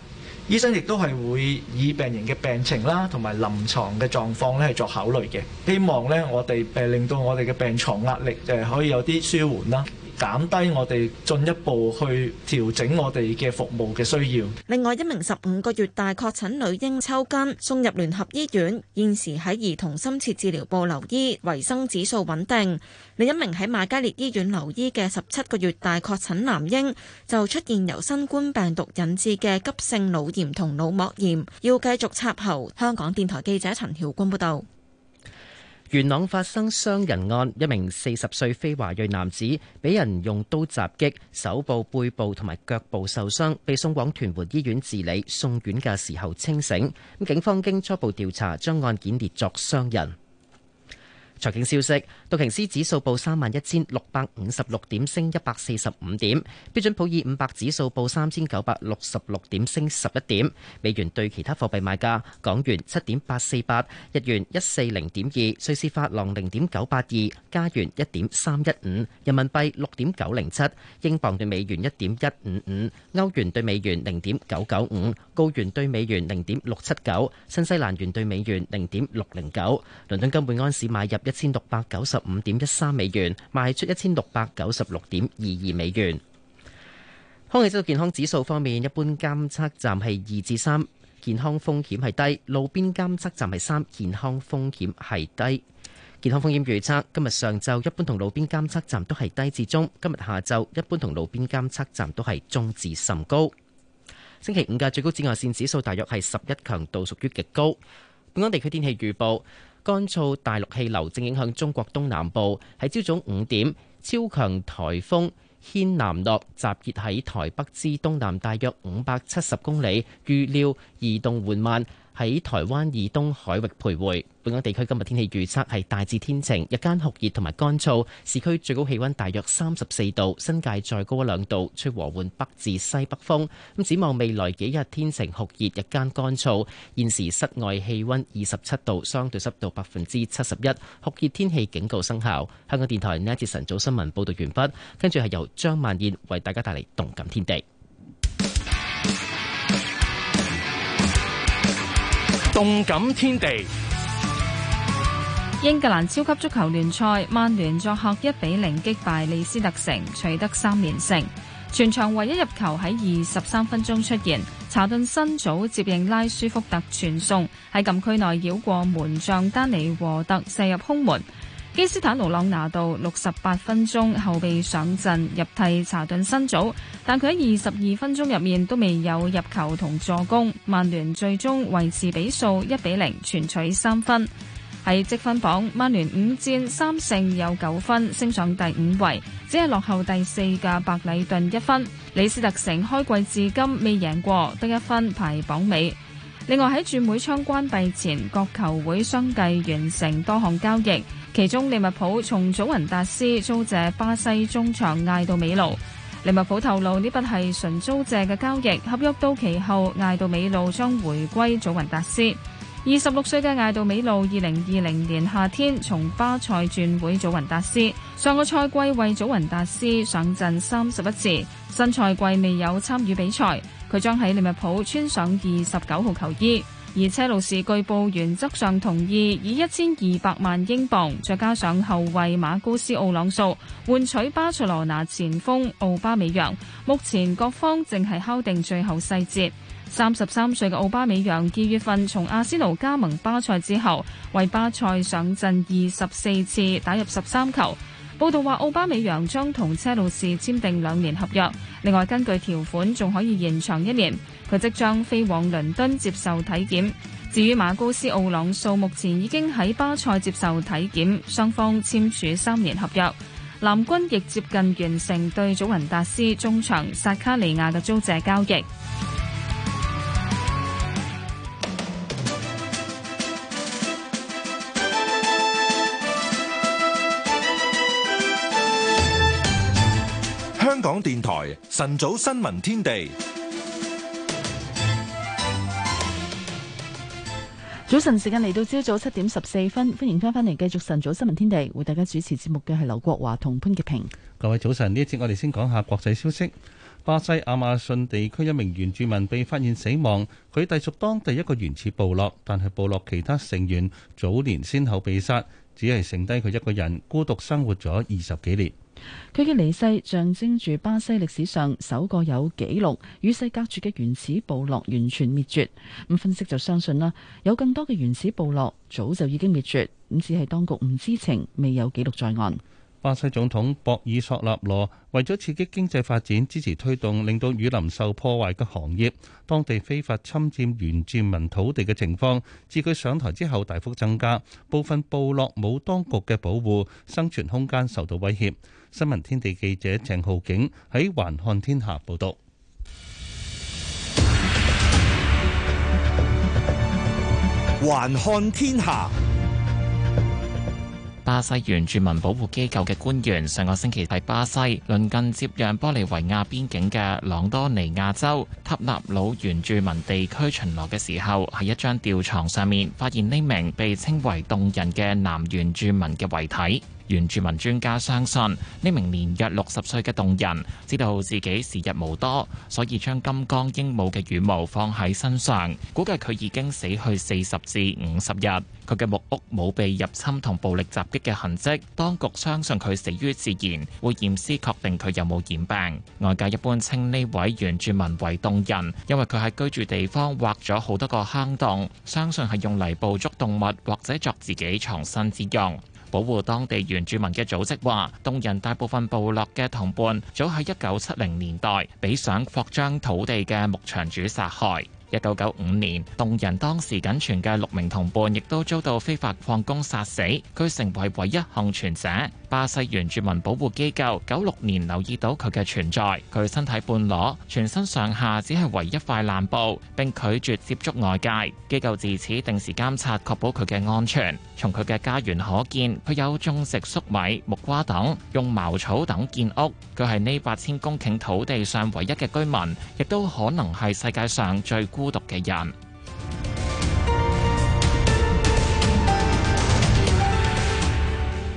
醫生亦都係會以病人嘅病情啦，同埋臨床嘅狀況咧係作考慮嘅。希望咧我哋誒令到我哋嘅病床壓力就可以有啲舒緩啦。減低我哋進一步去調整我哋嘅服務嘅需要。另外一名十五個月大確診女嬰抽筋，送入聯合醫院，現時喺兒童深切治療部留醫，維生指數穩定。另一名喺瑪嘉烈醫院留醫嘅十七個月大確診男嬰，就出現由新冠病毒引致嘅急性腦炎同腦膜炎，要繼續插喉。香港電台記者陳曉君報道。元朗發生傷人案，一名四十歲非華裔男子俾人用刀襲擊，手部、背部同埋腳部受傷，被送往屯門醫院治理。送院嘅時候清醒，咁警方經初步調查，將案件列作傷人。財經消息：道瓊斯指數報三萬一千六百五十六點，升一百四十五點；標準普爾五百指數報三千九百六十六點，升十一點。美元對其他貨幣賣價：港元七點八四八，日元一四零點二，瑞士法郎零點九八二，加元一點三一五，人民幣六點九零七，英鎊對美元一點一五五，歐元對美元零點九九五，高元對美元零點六七九，新西蘭元對美元零點六零九。倫敦金每安士買入一。一千六百九十五點一三美元，賣出一千六百九十六點二二美元。空氣質素健康指數方面，一般監測站係二至三，健康風險係低；路邊監測站係三，健康風險係低。健康風險預測，今日上晝一般同路邊監測站都係低至中，今日下晝一般同路邊監測站都係中至甚高。星期五嘅最高紫外線指數大約係十一，強度屬於極高。本港地區天氣預報。乾燥大陸氣流正影響中國東南部，喺朝早五點，超強颱風軒嵐諾集結喺台北之東南，大約五百七十公里，預料移動緩慢。喺台灣以東海域徘徊。本港地區今日天氣預測係大致天晴，日間酷熱同埋乾燥，市區最高氣溫大約三十四度，新界再高兩度，吹和緩北至西北風。咁展望未來幾日天晴酷熱，日間乾燥。現時室外氣溫二十七度，相對濕度百分之七十一，酷熱天氣警告生效。香港電台呢一節晨早新聞報道完畢，跟住係由張曼燕為大家帶嚟動感天地。動感天地，英格蘭超級足球聯賽，曼聯作客一比零擊敗利斯特城，取得三連勝。全場唯一入球喺二十三分鐘出現，查頓新組接應拉舒福特傳送，喺禁區內繞過門將丹尼和特射入空門。基斯坦奴朗拿度六十八分鐘後備上陣入替查頓辛祖，但佢喺二十二分鐘入面都未有入球同助攻。曼聯最終維持比數一比零，全取三分。喺積分榜，曼聯五戰三勝有九分，升上第五位，只係落後第四嘅白禮頓一分。李斯特城開季至今未贏過，得一分排榜尾。另外喺轉會窗關閉前，各球會相繼完成多項交易，其中利物浦從祖雲達斯租借巴西中場艾杜美路。利物浦透露呢筆係純租借嘅交易，合約到期後，艾杜美路將回歸祖雲達斯。二十六歲嘅艾杜美路，二零二零年夏天從巴塞轉會祖雲達斯，上個賽季為祖雲達斯上陣三十一次，新賽季未有參與比賽。佢將喺利物浦穿上二十九號球衣，而車路士據報原則上同意以一千二百萬英鎊，再加上後衛馬高斯奧朗素，換取巴塞羅那前鋒奧巴美揚。目前各方正係敲定最後細節。三十三歲嘅奧巴美揚二月份從阿仙奴加盟巴塞之後，為巴塞上陣二十四次，打入十三球。報道話，奧巴美揚將同車路士簽訂兩年合約，另外根據條款仲可以延長一年。佢即將飛往倫敦接受體檢。至於馬高斯奧朗素，目前已經喺巴塞接受體檢，雙方簽署三年合約。藍軍亦接近完成對祖雲達斯中場薩卡利亞嘅租借交易。港電台晨早新聞天地，早晨時間嚟到朝早七點十四分，歡迎翻返嚟繼續晨早新聞天地，為大家主持節目嘅係劉國華同潘潔平。各位早晨，呢一節我哋先講下國際消息。巴西亞馬遜地區一名原住民被發現死亡，佢隸屬當地一個原始部落，但係部落其他成員早年先後被殺，只係剩低佢一個人，孤獨生活咗二十幾年。佢嘅離世象徵住巴西歷史上首個有紀錄與世隔絕嘅原始部落完全滅絕。咁分析就相信啦，有更多嘅原始部落早就已經滅絕，咁只係當局唔知情，未有記錄在案。巴西總統博爾索納羅為咗刺激經濟發展，支持推動令到雨林受破壞嘅行業，當地非法侵佔原住民土地嘅情況自佢上台之後大幅增加。部分部落冇當局嘅保護，生存空間受到威脅。新聞天地記者鄭浩景喺環看天下報道。環看天下，巴西原住民保護機構嘅官員上個星期喺巴西鄰近接壤玻利維亞邊境嘅朗多尼亞州塔納魯原住民地區巡邏嘅時候，喺一張吊床上面發現呢名被稱為“動人”嘅男原住民嘅遺體。原住民專家相信，呢名年約六十歲嘅洞人知道自己時日無多，所以將金剛鸚鵡嘅羽毛放喺身上。估計佢已經死去四十至五十日。佢嘅木屋冇被入侵同暴力襲擊嘅痕跡，當局相信佢死於自然，會驗屍確定佢有冇染病。外界一般稱呢位原住民為洞人，因為佢喺居住地方挖咗好多個坑洞，相信係用嚟捕捉動物或者作自己藏身之用。保護當地原住民嘅組織話，動人大部分部落嘅同伴早喺一九七零年代，俾想擴張土地嘅牧場主殺害。一九九五年，動人當時僅存嘅六名同伴，亦都遭到非法礦工殺死，佢成為唯一幸存者。巴西原住民保護機構九六年留意到佢嘅存在，佢身體半裸，全身上下只係圍一塊爛布，並拒絕接觸外界。機構自此定時監察，確保佢嘅安全。從佢嘅家園可見，佢有種植粟米、木瓜等，用茅草等建屋。佢係呢八千公頃土地上唯一嘅居民，亦都可能係世界上最孤獨嘅人。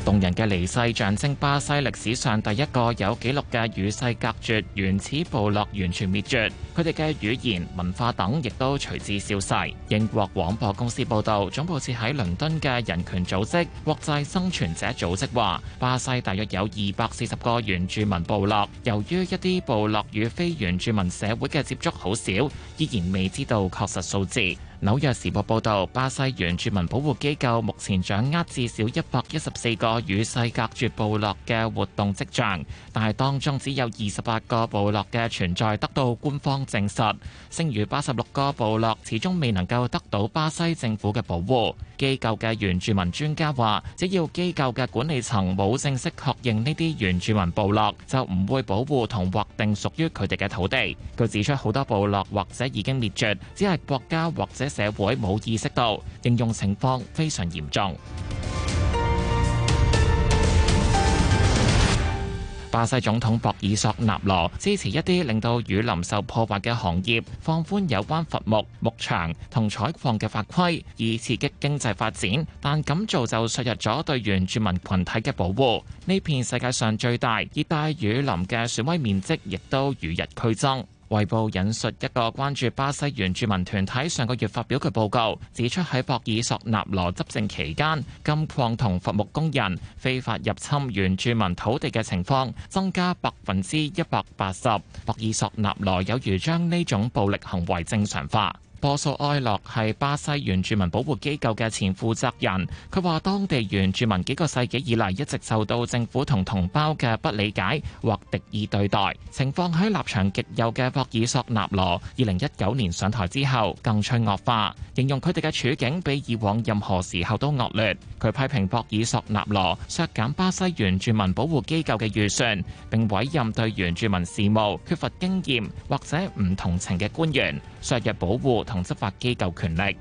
動人嘅離世，象徵巴西歷史上第一個有紀錄嘅與世隔絕原始部落完全滅絕，佢哋嘅語言、文化等，亦都隨之消逝。英國廣播公司報導，總部設喺倫敦嘅人權組織國際生存者組織話，巴西大約有二百四十個原住民部落，由於一啲部落與非原住民社會嘅接觸好少，依然未知道確實數字。紐約時報報導，巴西原住民保護機構目前掌握至少一百一十四個與世隔絕部落嘅活動跡象，但係當中只有二十八個部落嘅存在得到官方證實，剩餘八十六個部落始終未能夠得到巴西政府嘅保護。機構嘅原住民專家話，只要機構嘅管理層冇正式確認呢啲原住民部落，就唔會保護同劃定屬於佢哋嘅土地。佢指出，好多部落或者已經滅絕，只係國家或者。社會冇意識到應用情況非常嚴重。巴西總統博爾索納羅支持一啲令到雨林受破壞嘅行業，放寬有關伐木、牧場同採礦嘅法規，以刺激經濟發展。但咁做就削弱咗對原住民群體嘅保護。呢片世界上最大熱帶雨林嘅損毀面積，亦都與日俱增。衛報引述一個關注巴西原住民團體上個月發表嘅報告，指出喺博爾索納羅執政期間，金礦同伐木工人非法入侵原住民土地嘅情況增加百分之一百八十。博爾索納羅有如將呢種暴力行為正常化。波索埃洛係巴西原住民保護機構嘅前負責人，佢話當地原住民幾個世紀以嚟一直受到政府同同胞嘅不理解或敵意對待，情況喺立場極右嘅博爾索納羅二零一九年上台之後更趨惡化，形容佢哋嘅處境比以往任何時候都惡劣。佢批評博爾索納羅削減巴西原住民保護機構嘅預算，並委任對原住民事務缺乏經驗或者唔同情嘅官員削弱保護同執法機構權力。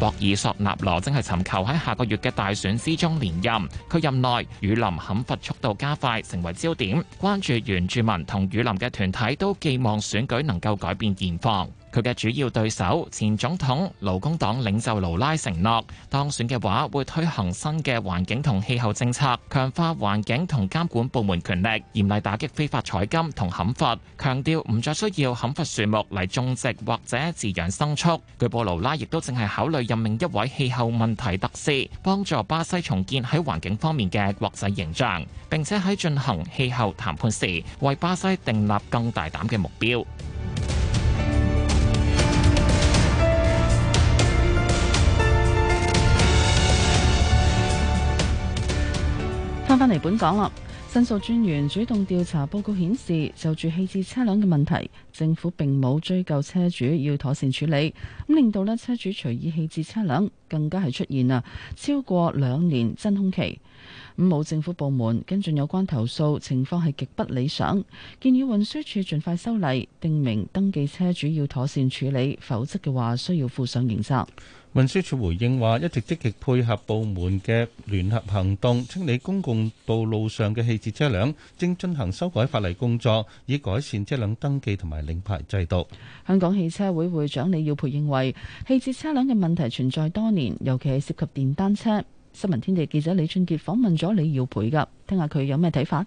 博爾索納羅正係尋求喺下個月嘅大選之中連任。佢任內雨林砍伐速度加快，成為焦點。關注原住民同雨林嘅團體都寄望選舉能夠改變現況。佢嘅主要對手，前總統勞工黨領袖盧拉承諾當選嘅話會推行新嘅環境同氣候政策，強化環境同監管部門權力，嚴厲打擊非法採金同砍伐，強調唔再需要砍伐樹木嚟種植或者自養牲畜，據報盧拉亦都正係考慮任命一位氣候問題特使，幫助巴西重建喺環境方面嘅國際形象，並且喺進行氣候談判時為巴西訂立更大膽嘅目標。翻嚟本港啦，申訴專員主動調查報告顯示，就住棄置車輛嘅問題，政府並冇追究車主要妥善處理，咁令到呢車主隨意棄置車輛更加係出現啊，超過兩年真空期，咁冇政府部門跟進有關投訴情況係極不理想，建議運輸署盡快修例，定明登記車主要妥善處理，否則嘅話需要負上刑責。運輸署回應話，一直積極配合部門嘅聯合行動，清理公共道路上嘅棄置車輛，正進行修改法例工作，以改善車輛登記同埋領牌制度。香港汽車會會長李耀培認為，棄置車輛嘅問題存在多年，尤其係涉及電單車。新聞天地記者李俊杰訪問咗李耀培㗎，聽下佢有咩睇法。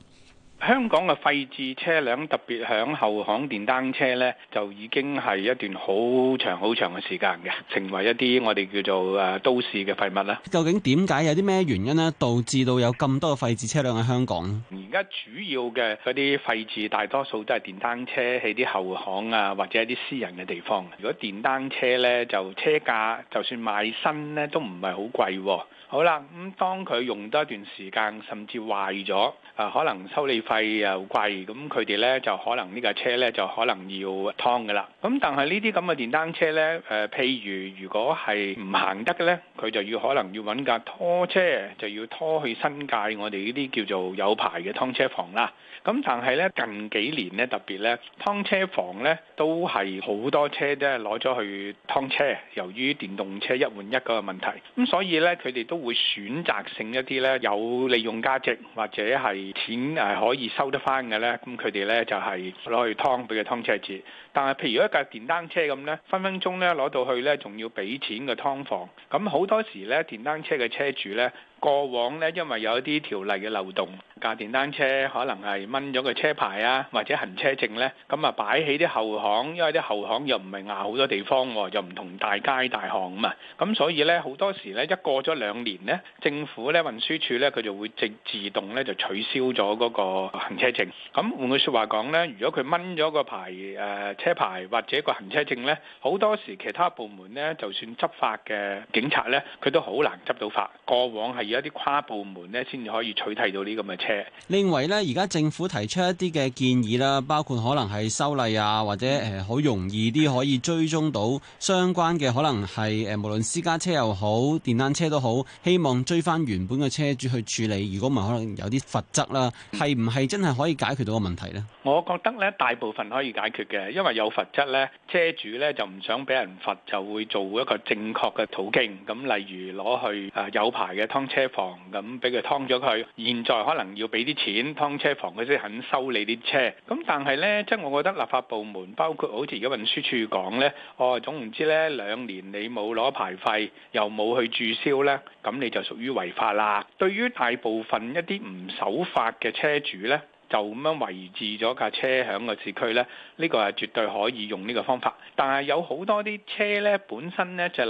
香港嘅廢置車輛，特別響後巷電單車呢，就已經係一段好長好長嘅時間嘅，成為一啲我哋叫做誒、啊、都市嘅廢物啦。究竟點解有啲咩原因咧，導致到有咁多廢置車輛喺香港？而家主要嘅嗰啲廢置大多數都係電單車喺啲後巷啊，或者一啲私人嘅地方。如果電單車呢，就車價就算買新呢都唔係好貴，啊。好啦，咁當佢用多一段時間，甚至壞咗，誒、啊、可能修理費又貴，咁佢哋呢就可能呢架車呢就可能要劏㗎喇。咁但係呢啲咁嘅電單車呢，誒譬如如果係唔行得嘅呢，佢就要可能要揾架拖車，就要拖去新界我哋呢啲叫做有牌嘅劏車房啦。咁但係呢，近幾年呢特別呢劏車房呢都係好多車都攞咗去劏車，由於電動車一換一嗰個問題，咁所以呢，佢哋都會選擇性一啲呢有利用價值或者係錢誒可以。易收得翻嘅呢，咁佢哋呢就係攞去劏，俾佢劏車節。但係譬如一架電單車咁呢，分分鐘呢攞到去呢，仲要俾錢嘅劏房。咁好多時呢，電單車嘅車主呢。過往呢，因為有一啲條例嘅漏洞，架電單車可能係掹咗個車牌啊，或者行車證呢。咁啊擺喺啲後巷，因為啲後巷又唔係話好多地方，又唔同大街大巷咁啊，咁所以呢，好多時呢，一過咗兩年呢，政府呢，運輸署呢，佢就會直自動呢，就取消咗嗰個行車證。咁換句説話講呢，如果佢掹咗個牌誒車牌或者個行車證呢，好多時其他部門呢，就算執法嘅警察呢，佢都好難執到法。過往係而有啲跨部門咧，先至可以取締到呢咁嘅車。你認為咧，而家政府提出一啲嘅建議啦，包括可能係修例啊，或者誒好容易啲可以追蹤到相關嘅可能係誒，無論私家車又好，電單車都好，希望追翻原本嘅車主去處理。如果唔係，可能有啲罰則啦，係唔係真係可以解決到個問題呢？我覺得咧，大部分可以解決嘅，因為有罰則咧，車主咧就唔想俾人罰，就會做一個正確嘅途徑。咁例如攞去誒、呃、有牌嘅拖車。車房咁俾佢劏咗佢，現在可能要俾啲錢劏車房，佢先肯收你啲車。咁但係呢，即係我覺得立法部門包括好似而家運輸署講呢，哦，總唔知呢兩年你冇攞牌費，又冇去註銷呢，咁你就屬於違法啦。對於大部分一啲唔守法嘅車主呢。就咁樣維持咗架車喺個市區呢，呢、呢個係絕對可以用呢個方法。但係有好多啲車呢，本身呢，就例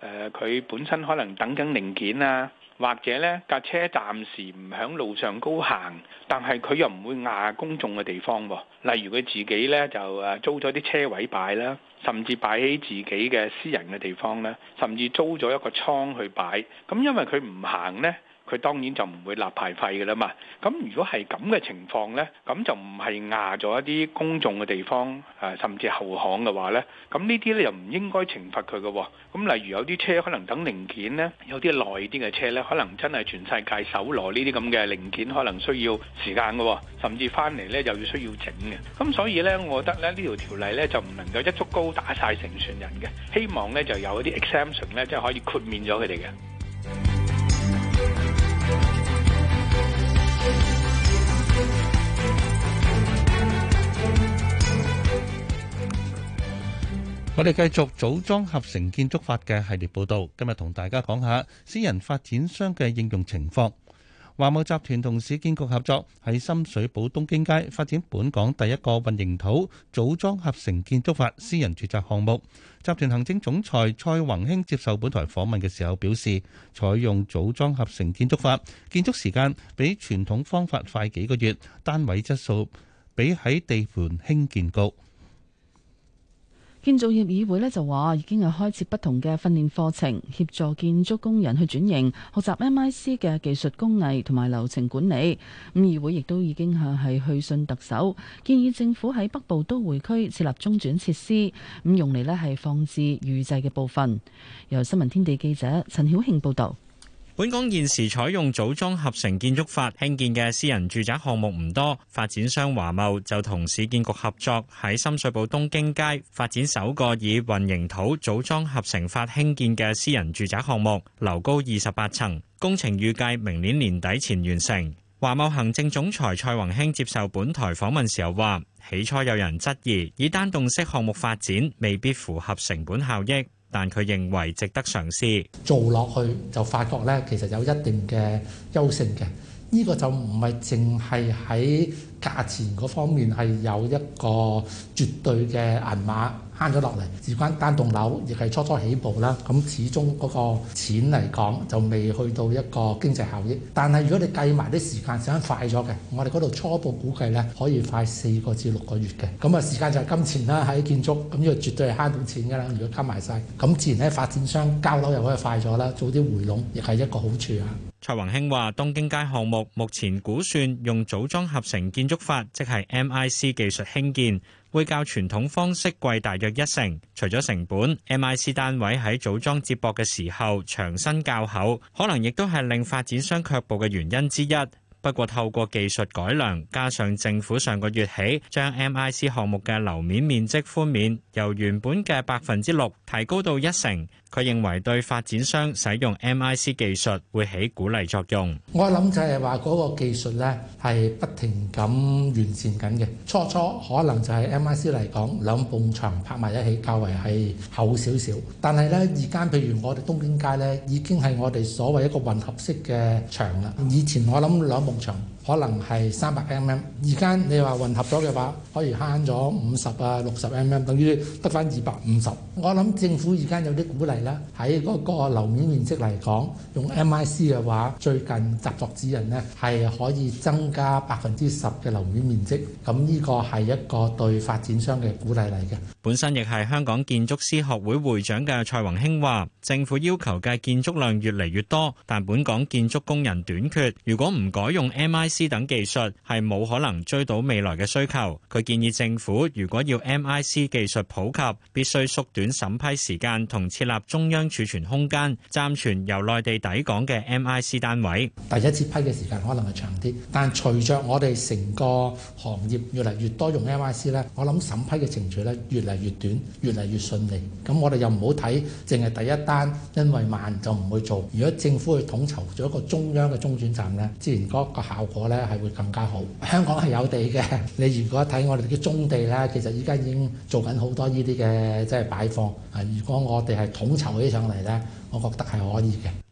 如誒，佢、呃、本身可能等緊零件啊，或者呢架車暫時唔喺路上高行，但係佢又唔會壓公眾嘅地方喎、啊。例如佢自己呢，就誒租咗啲車位擺啦，甚至擺喺自己嘅私人嘅地方咧，甚至租咗一個倉去擺。咁因為佢唔行呢，佢當然就唔會立牌費嘅啦嘛。咁如果係咁嘅情況呢，咁就唔係壓咗一啲公眾嘅地方，誒、啊、甚至後巷嘅話呢。咁呢啲呢，又唔應該懲罰佢嘅、哦。咁例如有啲車可能等零件呢，有啲耐啲嘅車呢，可能真係全世界搜羅呢啲咁嘅零件，可能需要時間嘅、哦，甚至翻嚟呢又要需要整嘅。咁所以呢，我覺得呢呢條、這個、條例呢，就唔能夠一足高打晒成船人嘅，希望呢，就有一啲 exemption 呢，即、就、係、是、可以豁免咗佢哋嘅。我哋繼續組裝合成建築法嘅系列報導，今日同大家講下私人發展商嘅應用情況。華懋集團同市建局合作喺深水埗東京街發展本港第一個運用咗組裝合成建築法私人住宅項目。集團行政總裁蔡宏興接受本台訪問嘅時候表示，採用組裝合成建築法，建築時間比傳統方法快幾個月，單位質素比喺地盤興建高。建造業議會咧就話已經係開設不同嘅訓練課程，協助建築工人去轉型學習 MIC 嘅技術工藝同埋流程管理。咁議會亦都已經向係去信特首，建議政府喺北部都會區設立中轉設施，咁用嚟咧係放置預製嘅部分。由新聞天地記者陳曉慶報導。本港現時採用組裝合成建築法興建嘅私人住宅項目唔多，發展商華茂就同市建局合作喺深水埗東京街發展首個以混凝土組裝合成法興建嘅私人住宅項目，樓高二十八層，工程預計明年年底前完成。華茂行政總裁蔡宏興接受本台訪問時又話，起初有人質疑以單棟式項目發展未必符合成本效益。但佢認為值得嘗試，做落去就發覺咧，其實有一定嘅優勝嘅，呢個就唔係淨係喺價錢嗰方面係有一個絕對嘅銀碼。慳咗落嚟，而家單棟樓亦係初初起步啦。咁始終嗰個錢嚟講就未去到一個經濟效益。但係如果你計埋啲時間，實質快咗嘅，我哋嗰度初步估計咧可以快四個至六個月嘅。咁啊時間就係金錢啦，喺建築咁呢個絕對係慳到錢㗎啦。如果慳埋晒，咁自然咧發展商交樓又可以快咗啦，早啲回籠亦係一個好處啊。蔡宏興話：東京街項目目前估算用組裝合成建築法，即係 MIC 技術興建。會較傳統方式貴大約一成，除咗成本，MIC 單位喺組裝接駁嘅時候牆身較厚，可能亦都係令發展商卻步嘅原因之一。不過透過技術改良，加上政府上個月起，將 MIC 項目嘅樓面面積寬免由原本嘅百分之六提高到一成。佢認為對發展商使用 MIC 技術會起鼓勵作用。我諗就係話嗰個技術咧係不停咁完善緊嘅。初初可能就係 MIC 嚟講，兩埲牆拍埋一起較為係厚少少，但係咧而家譬如我哋東京街咧已經係我哋所謂一個混合式嘅牆啦。以前我諗兩埲牆。可能係三百 m m，而家你話混合咗嘅話，可以慳咗五十啊六十 m m，等於得返二百五十。我諗政府而家有啲鼓勵啦，喺嗰個樓面面積嚟講，用 M I C 嘅話，最近集作指引呢，係可以增加百分之十嘅樓面面積。咁呢個係一個對發展商嘅鼓勵嚟嘅。本身亦係香港建築師學會會長嘅蔡宏興話：政府要求嘅建築量越嚟越多，但本港建築工人短缺，如果唔改用 M I C。 (music) 等技術係冇可能追到未來嘅需求。佢建議政府如果要 M I C 技術普及，必須縮短審批時間同設立中央儲存空間，暫存由內地抵港嘅 M I C 單位。第一次批嘅時間可能係長啲，但隨着我哋成個行業越嚟越多用 M I C 咧，我諗審批嘅程序咧越嚟越短，越嚟越順利。咁我哋又唔好睇，淨係第一單因為慢就唔會做。如果政府去統籌咗一個中央嘅中轉站呢，自然嗰個效果。咧係會更加好。香港係有地嘅，你如果睇我哋啲棕地咧，其實依家已經做緊好多呢啲嘅，即係擺放。啊，如果我哋係統籌起上嚟咧，我覺得係可以嘅。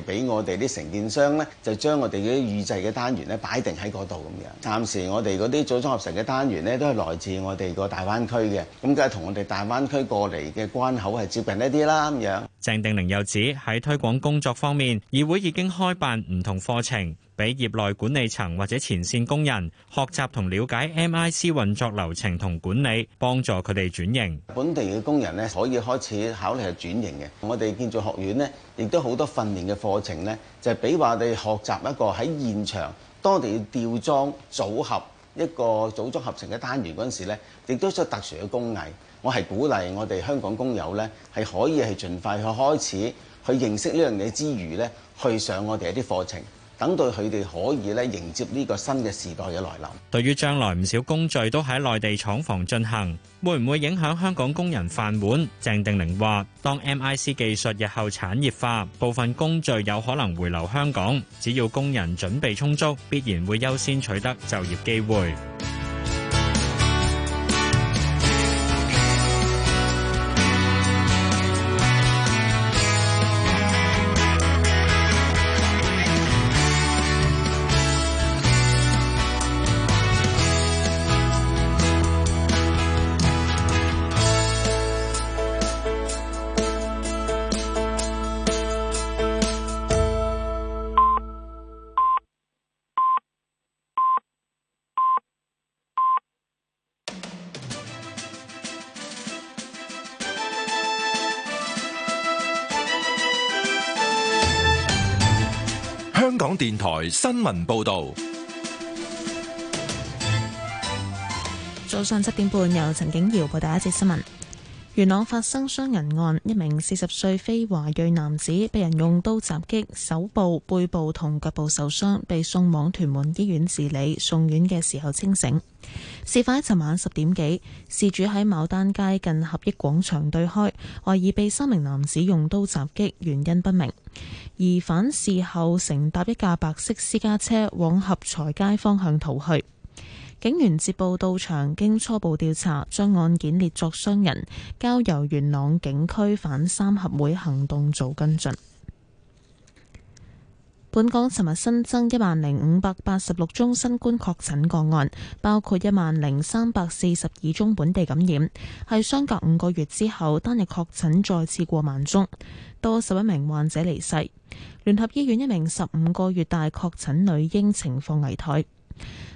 俾我哋啲承建商咧，就將我哋啲預製嘅單元咧擺定喺嗰度咁樣。暫時我哋嗰啲組裝合成嘅單元咧，都係來自我哋個大灣區嘅，咁梗係同我哋大灣區過嚟嘅關口係接近一啲啦咁樣。鄭定寧又指喺推廣工作方面，議會已經開辦唔同課程。俾業內管理層或者前線工人學習同了解 MIC 運作流程同管理，幫助佢哋轉型。本地嘅工人咧可以開始考慮係轉型嘅。我哋建造學院咧亦都好多訓練嘅課程咧，就係俾話我哋學習一個喺現場當地吊裝組合，組合一個組裝合成嘅單元嗰陣時咧，亦都出特殊嘅工藝。我係鼓勵我哋香港工友咧係可以係儘快去開始去認識呢樣嘢之餘咧，去上我哋一啲課程。等待佢哋可以咧迎接呢個新嘅時代嘅來臨。對於將來唔少工序都喺內地廠房進行，會唔會影響香港工人飯碗？鄭定玲話：當 M I C 技術日後產業化，部分工序有可能回流香港，只要工人準備充足，必然會優先取得就業機會。新聞報道。早上七點半，由陳，由陳景瑤報道一節新聞。元朗發生傷人案，一名四十歲非華裔男子被人用刀襲擊，手部、背部同腳部受傷，被送往屯門醫院治理。送院嘅時候清醒。事發尋晚十點幾，事主喺牡丹街近合益廣場對開，懷疑被三名男子用刀襲擊，原因不明。疑犯事後乘搭一架白色私家車往合財街方向逃去。警員接報到場，經初步調查，將案件列作傷人，交由元朗警區反三合會行動組跟進。本港尋日新增一萬零五百八十六宗新冠確診個案，包括一萬零三百四十二宗本地感染，係相隔五個月之後，單日確診再次過萬宗，多十一名患者離世。聯合醫院一名十五個月大確診女嬰情況危殆。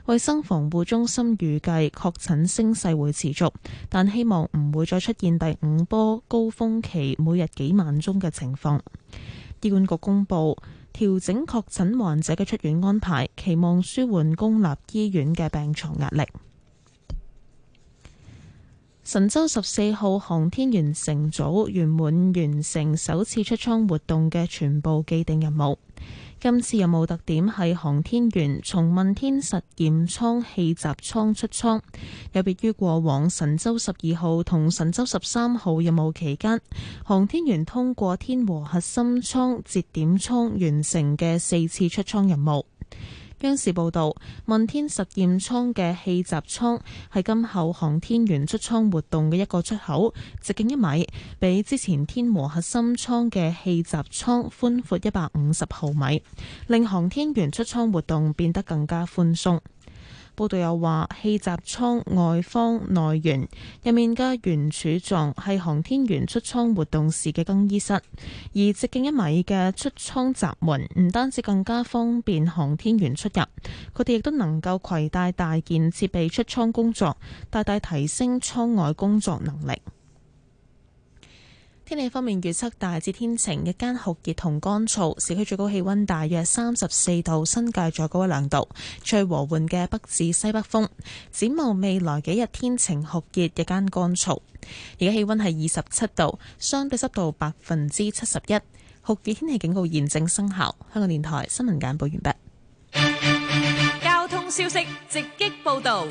衛生防護中心預計確診升勢會持續，但希望唔會再出現第五波高峰期每日幾萬宗嘅情況。醫管局公布調整確診患者嘅出院安排，期望舒緩公立醫院嘅病床壓力。神舟十四號航天員乘組圓滿完成首次出艙活動嘅全部既定任務。今次任務特點係航天員從問天實驗艙氣閘艙出艙，有別於過往神舟十二號同神舟十三號任務期間，航天員通過天和核心艙節點艙完成嘅四次出艙任務。央視報道，問天實驗艙嘅氣閘艙係今後航天員出艙活動嘅一個出口，直徑一米，比之前天和核心艙嘅氣閘艙寬闊一百五十毫米，令航天員出艙活動變得更加寬鬆。報道又話，氣閘艙外方內圓入面嘅圓柱狀係航天員出艙活動時嘅更衣室，而直徑一米嘅出艙閘門唔單止更加方便航天員出入，佢哋亦都能夠攜帶大件設備出艙工作，大大提升艙外工作能力。天氣方面預測大致天晴，日間酷熱同乾燥，市區最高氣溫大約三十四度，新界再高一兩度，最和緩嘅北至西北風。展望未來幾日天晴酷熱，日間乾燥。而家氣溫係二十七度，相對濕度百分之七十一，酷熱天氣警告現正生效。香港電台新聞簡報完畢。交通消息直擊報道。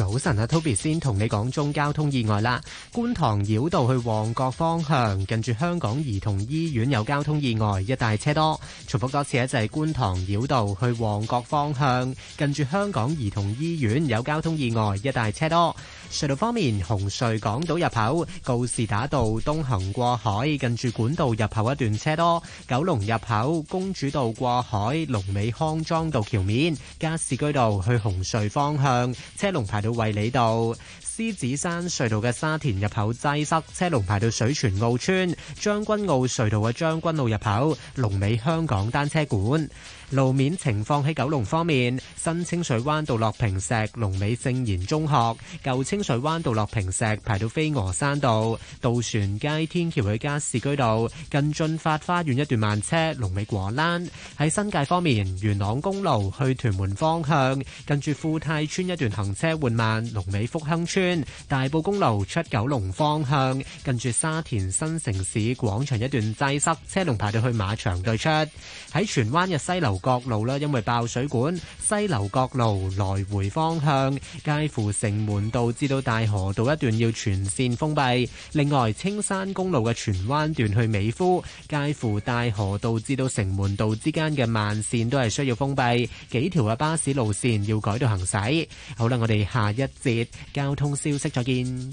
早晨啊，Toby 先同你講中交通意外啦。觀塘繞道去旺角方向，近住香港兒童醫院有交通意外，一帶車多。重複多次，一就係觀塘繞道去旺角方向，近住香港兒童醫院有交通意外，一帶車多。隧道方面，紅隧港島入口，告士打道東行過海，近住管道入口一段車多。九龍入口，公主道過海，龍尾康莊道橋面，加士居道去紅隧方向，車龍排到。衛理道、獅子山隧道嘅沙田入口擠塞，車龍排到水泉澳村、將軍澳隧道嘅將軍澳入口、龍尾香港單車館。路面情況喺九龍方面，新清水灣道落坪石、龍尾聖言中學、舊清水灣道落坪石排到飛鵝山道、渡船街天橋去加士居道，近俊發花園一段慢車、龍尾果欄；喺新界方面，元朗公路去屯門方向，近住富泰村一段行車緩慢、龍尾福亨村、大埔公路出九龍方向，近住沙田新城市廣場一段擠塞，車龍排到去馬場對出；喺荃灣日西樓。各路啦，因為爆水管，西樓角路來回方向，介乎城門道至到大河道一段要全線封閉。另外，青山公路嘅荃灣段去美孚，介乎大河道至到城門道之間嘅慢線都係需要封閉，幾條嘅巴士路線要改道行駛。好啦，我哋下一節交通消息再見。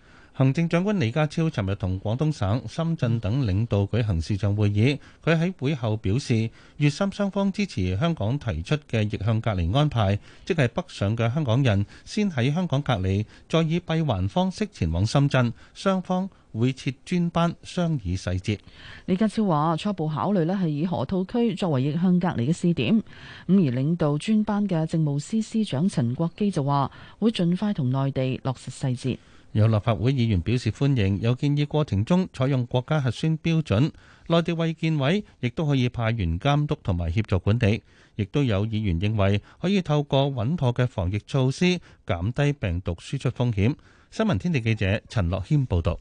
行政長官李家超尋日同廣東省、深圳等領導舉行視像會議，佢喺會後表示，粵深雙方支持香港提出嘅逆向隔離安排，即係北上嘅香港人先喺香港隔離，再以閉環方式前往深圳。雙方會設專班商議細節。李家超話初步考慮呢係以河套區作為逆向隔離嘅試點。咁而領導專班嘅政務司司長陳國基就話會盡快同內地落實細節。有立法會議員表示歡迎，有建議過程中採用國家核酸標準，內地衛健委亦都可以派員監督同埋協助管理。亦都有議員認為可以透過穩妥嘅防疫措施減低病毒輸出風險。新聞天地記者陳樂軒報導，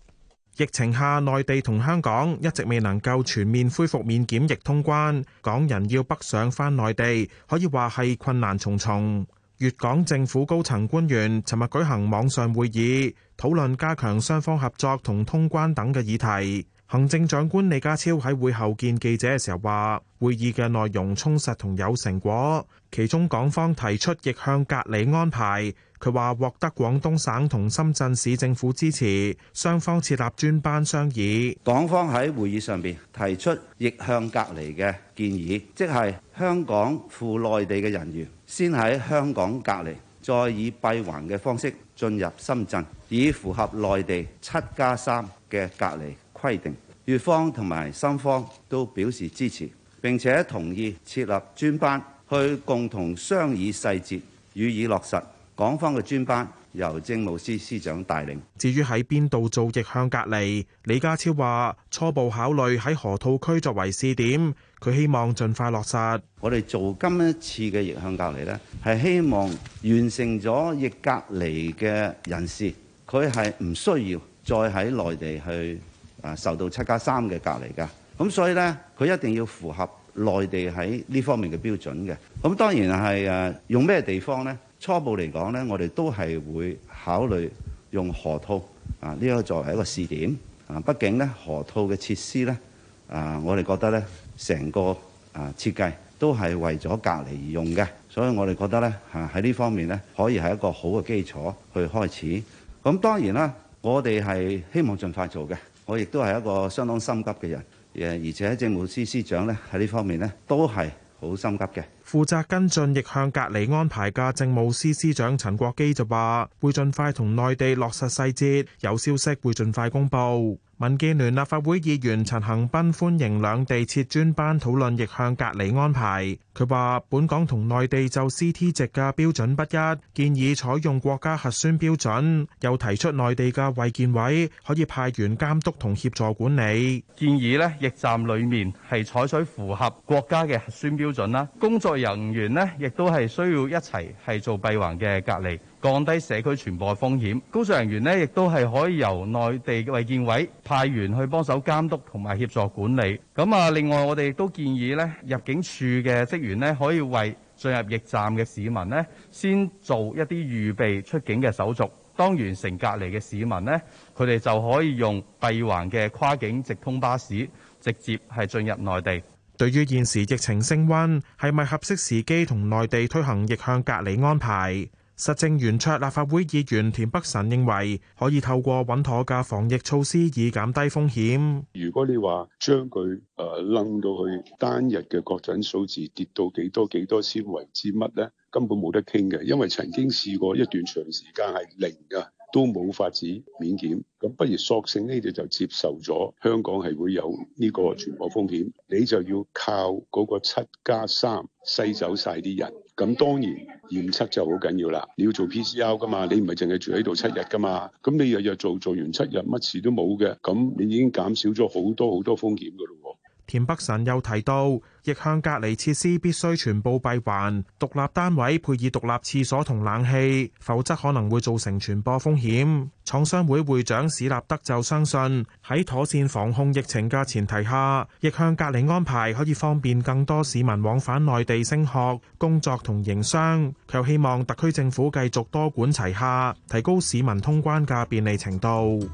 疫情下內地同香港一直未能夠全面恢復免檢疫通關，港人要北上返內地，可以話係困難重重。粵港政府高層官員尋日舉行網上會議，討論加強雙方合作同通關等嘅議題。行政長官李家超喺會後見記者嘅時候話，會議嘅內容充實同有成果，其中港方提出逆向隔離安排。佢話獲得廣東省同深圳市政府支持，雙方設立專班商議。港方喺會議上邊提出逆向隔離嘅建議，即係香港赴內地嘅人員先喺香港隔離，再以閉環嘅方式進入深圳，以符合內地七加三嘅隔離規定。粵方同埋深方都表示支持，並且同意設立專班去共同商議細節，予以落實。港方嘅專班由政務司司長帶領，至於喺邊度做逆向隔離，李家超話初步考慮喺河套區作為試點，佢希望盡快落實。我哋做今一次嘅逆向隔離咧，係希望完成咗逆隔離嘅人士，佢係唔需要再喺內地去誒受到七加三嘅隔離噶。咁所以咧，佢一定要符合內地喺呢方面嘅標準嘅。咁當然係誒用咩地方咧？初步嚟講呢我哋都係會考慮用河套啊，呢一個作為一個試點啊。畢竟咧，河套嘅設施呢啊，我哋覺得咧，成個啊設計都係為咗隔離而用嘅，所以我哋覺得呢啊喺呢方面呢可以係一個好嘅基礎去開始。咁當然啦，我哋係希望盡快做嘅，我亦都係一個相當心急嘅人。而且政務司司長呢喺呢方面呢都係好心急嘅。負責跟進逆向隔離安排嘅政務司司長陳國基就話，會盡快同內地落實細節，有消息會盡快公佈。民建聯立法會議員陳恒鑌歡迎兩地設專班討論逆向隔離安排。佢話：本港同內地就 C T 值嘅標準不一，建議採用國家核酸標準。又提出內地嘅衛健委可以派員監督同協助管理。建議呢，疫站裏面係採取符合國家嘅核酸標準啦。工作人員呢，亦都係需要一齊係做閉環嘅隔離。降低社區傳播風險，工作人員呢亦都係可以由內地嘅衞健委派員去幫手監督同埋協助管理。咁啊，另外我哋亦都建議呢，入境處嘅職員呢，可以為進入疫站嘅市民呢，先做一啲預備出境嘅手續。當完成隔離嘅市民呢，佢哋就可以用閉環嘅跨境直通巴士直接係進入內地。對於現時疫情升溫，係咪合適時機同內地推行逆向隔離安排？實政圓桌立法會議員田北辰認為，可以透過穩妥嘅防疫措施以減低風險。如果你話將佢誒掹到去單日嘅確診數字跌到幾多幾多先為之乜咧，根本冇得傾嘅。因為曾經試過一段長時間係零嘅，都冇法子免檢。咁不如索性呢，你就接受咗香港係會有呢個傳播風險，你就要靠嗰個七加三篩走晒啲人。咁當然驗測就好緊要啦，你要做 PCR 㗎嘛，你唔係淨係住喺度七日㗎嘛，咁你日日做做完七日乜事都冇嘅，咁你已經減少咗好多好多風險㗎咯喎。田北辰又提到，逆向隔離設施必須全部閉環，獨立單位配以獨立廁所同冷氣，否則可能會造成傳播風險。廠商會會長史立德就相信，喺妥善防控疫情嘅前提下，逆向隔離安排可以方便更多市民往返內地升學、工作同營商。佢希望特區政府繼續多管齊下，提高市民通關嘅便利程度。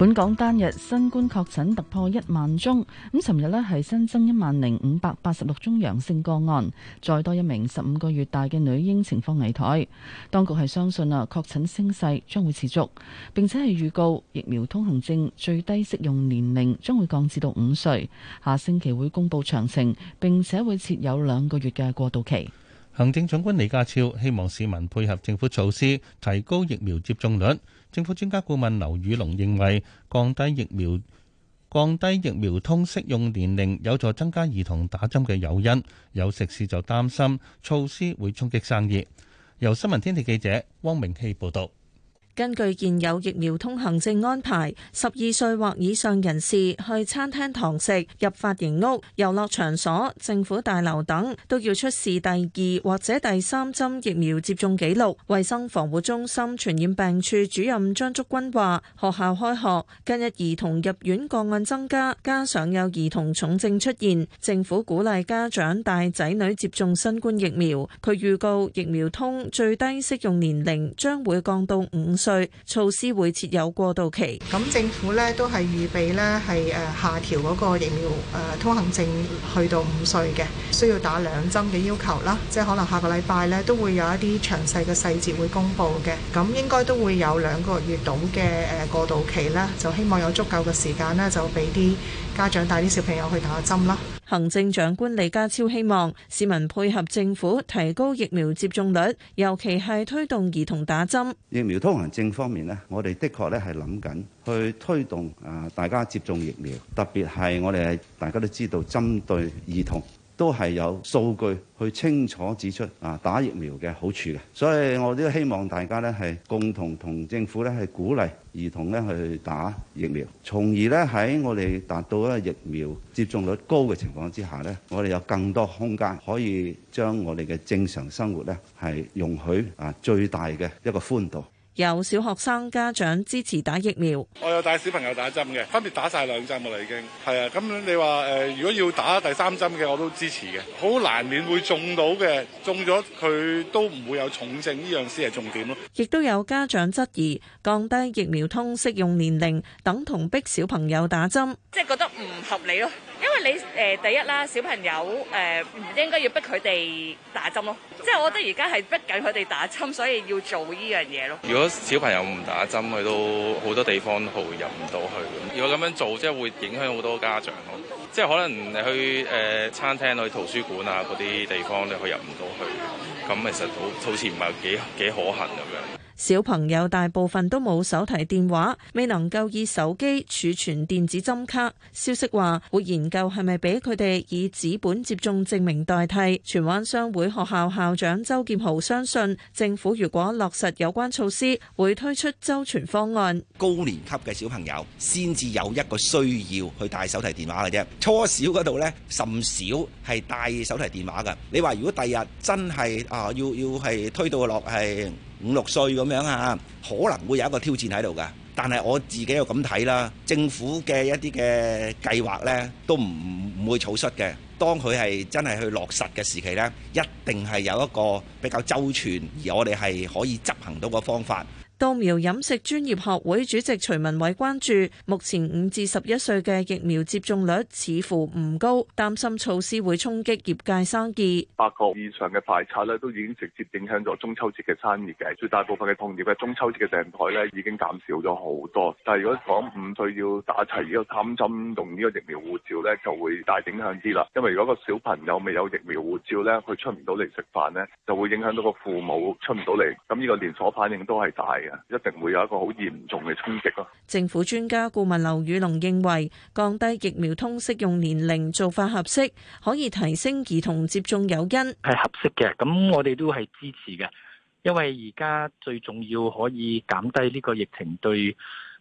本港單日新冠確診突破一萬宗，咁尋日呢係新增一萬零五百八十六宗陽性個案，再多一名十五個月大嘅女嬰情況危殆。當局係相信啊，確診升勢將會持續，並且係預告疫苗通行證最低適用年齡將會降至到五歲，下星期會公布詳情，並且會設有兩個月嘅過渡期。行政長官李家超希望市民配合政府措施，提高疫苗接種率。政府專家顧問劉宇龍認為降，降低疫苗降低疫苗通適用年齡有助增加兒童打針嘅誘因。有食肆就擔心措施會衝擊生意。由新聞天地記者汪明希報導。根據現有疫苗通行證安排，十二歲或以上人士去餐廳堂食、入髮型屋、遊樂場所、政府大樓等，都要出示第二或者第三針疫苗接種記錄。衞生防護中心傳染病處主任張竹君話：學校開學，近日兒童入院個案增加，加上有兒童重症出現，政府鼓勵家長帶仔女接種新冠疫苗。佢預告疫苗通最低適用年齡將會降到五。稅措施會設有過渡期，咁政府咧都係預備咧係誒下調嗰個疫苗誒、呃、通行證去到五歲嘅，需要打兩針嘅要求啦。即係可能下個禮拜咧都會有一啲詳細嘅細節會公布嘅，咁應該都會有兩個月到嘅誒過渡期啦，就希望有足夠嘅時間咧就俾啲。家長帶啲小朋友去打針啦。行政長官李家超希望市民配合政府提高疫苗接種率，尤其係推動兒童打針。疫苗通行證方面咧，我哋的確咧係諗緊去推動啊大家接種疫苗，特別係我哋大家都知道針對兒童。都係有數據去清楚指出啊，打疫苗嘅好處嘅，所以我都希望大家咧係共同同政府咧去鼓勵兒童咧去打疫苗，從而咧喺我哋達到一疫苗接種率高嘅情況之下咧，我哋有更多空間可以將我哋嘅正常生活咧係容許啊最大嘅一個寬度。有小學生家長支持打疫苗，我有帶小朋友打針嘅，分別打晒兩針嘅啦，已經係啊。咁你話誒、呃，如果要打第三針嘅，我都支持嘅。好難免會中到嘅，中咗佢都唔會有重症，呢樣先係重點咯。亦都有家長質疑降低疫苗通適用年齡，等同逼小朋友打針，即係覺得唔合理咯、啊。因為你誒、呃、第一啦，小朋友誒唔、呃、應該要逼佢哋打針咯。即係我覺得而家係逼緊佢哋打針，所以要做呢樣嘢咯。如果小朋友唔打針，佢都好多地方都入唔到去。如果咁樣做，即係會影響好多家長咯。即係可能你去誒、呃、餐廳、去圖書館啊嗰啲地方咧，佢入唔到去。咁其實好好似唔係幾幾可行咁樣。小朋友大部分都冇手提電話，未能夠以手機儲存電子針卡。消息話會研究係咪俾佢哋以紙本接種證明代替。荃灣商會學校校長周劍豪相信政府如果落實有關措施，會推出周全方案。高年級嘅小朋友先至有一個需要去帶手提電話嘅啫，初小嗰度咧甚少係帶手提電話嘅。你話如果第日真係啊要要係推到落係。五六歲咁樣啊，可能會有一個挑戰喺度㗎。但係我自己又咁睇啦，政府嘅一啲嘅計劃呢都唔唔會草率嘅。當佢係真係去落實嘅時期呢，一定係有一個比較周全，而我哋係可以執行到個方法。稻苗飲食專業學會主席徐文偉關注，目前五至十一歲嘅疫苗接種率似乎唔高，擔心措施會衝擊業界生意。八個以上嘅快測咧，都已經直接影響咗中秋節嘅生意嘅。最大部分嘅同業嘅中秋節嘅訂台咧，已經減少咗好多。但係如果講五歲要打齊呢個三針同呢個疫苗護照咧，就會大影響啲啦。因為如果個小朋友未有疫苗護照咧，佢出唔到嚟食飯咧，就會影響到個父母出唔到嚟。咁呢個連鎖反應都係大嘅。一定會有一個好嚴重嘅衝擊咯。政府專家顧問劉宇龍認為，降低疫苗通適用年齡做法合適，可以提升兒童接種誘因。係合適嘅，咁我哋都係支持嘅，因為而家最重要可以減低呢個疫情對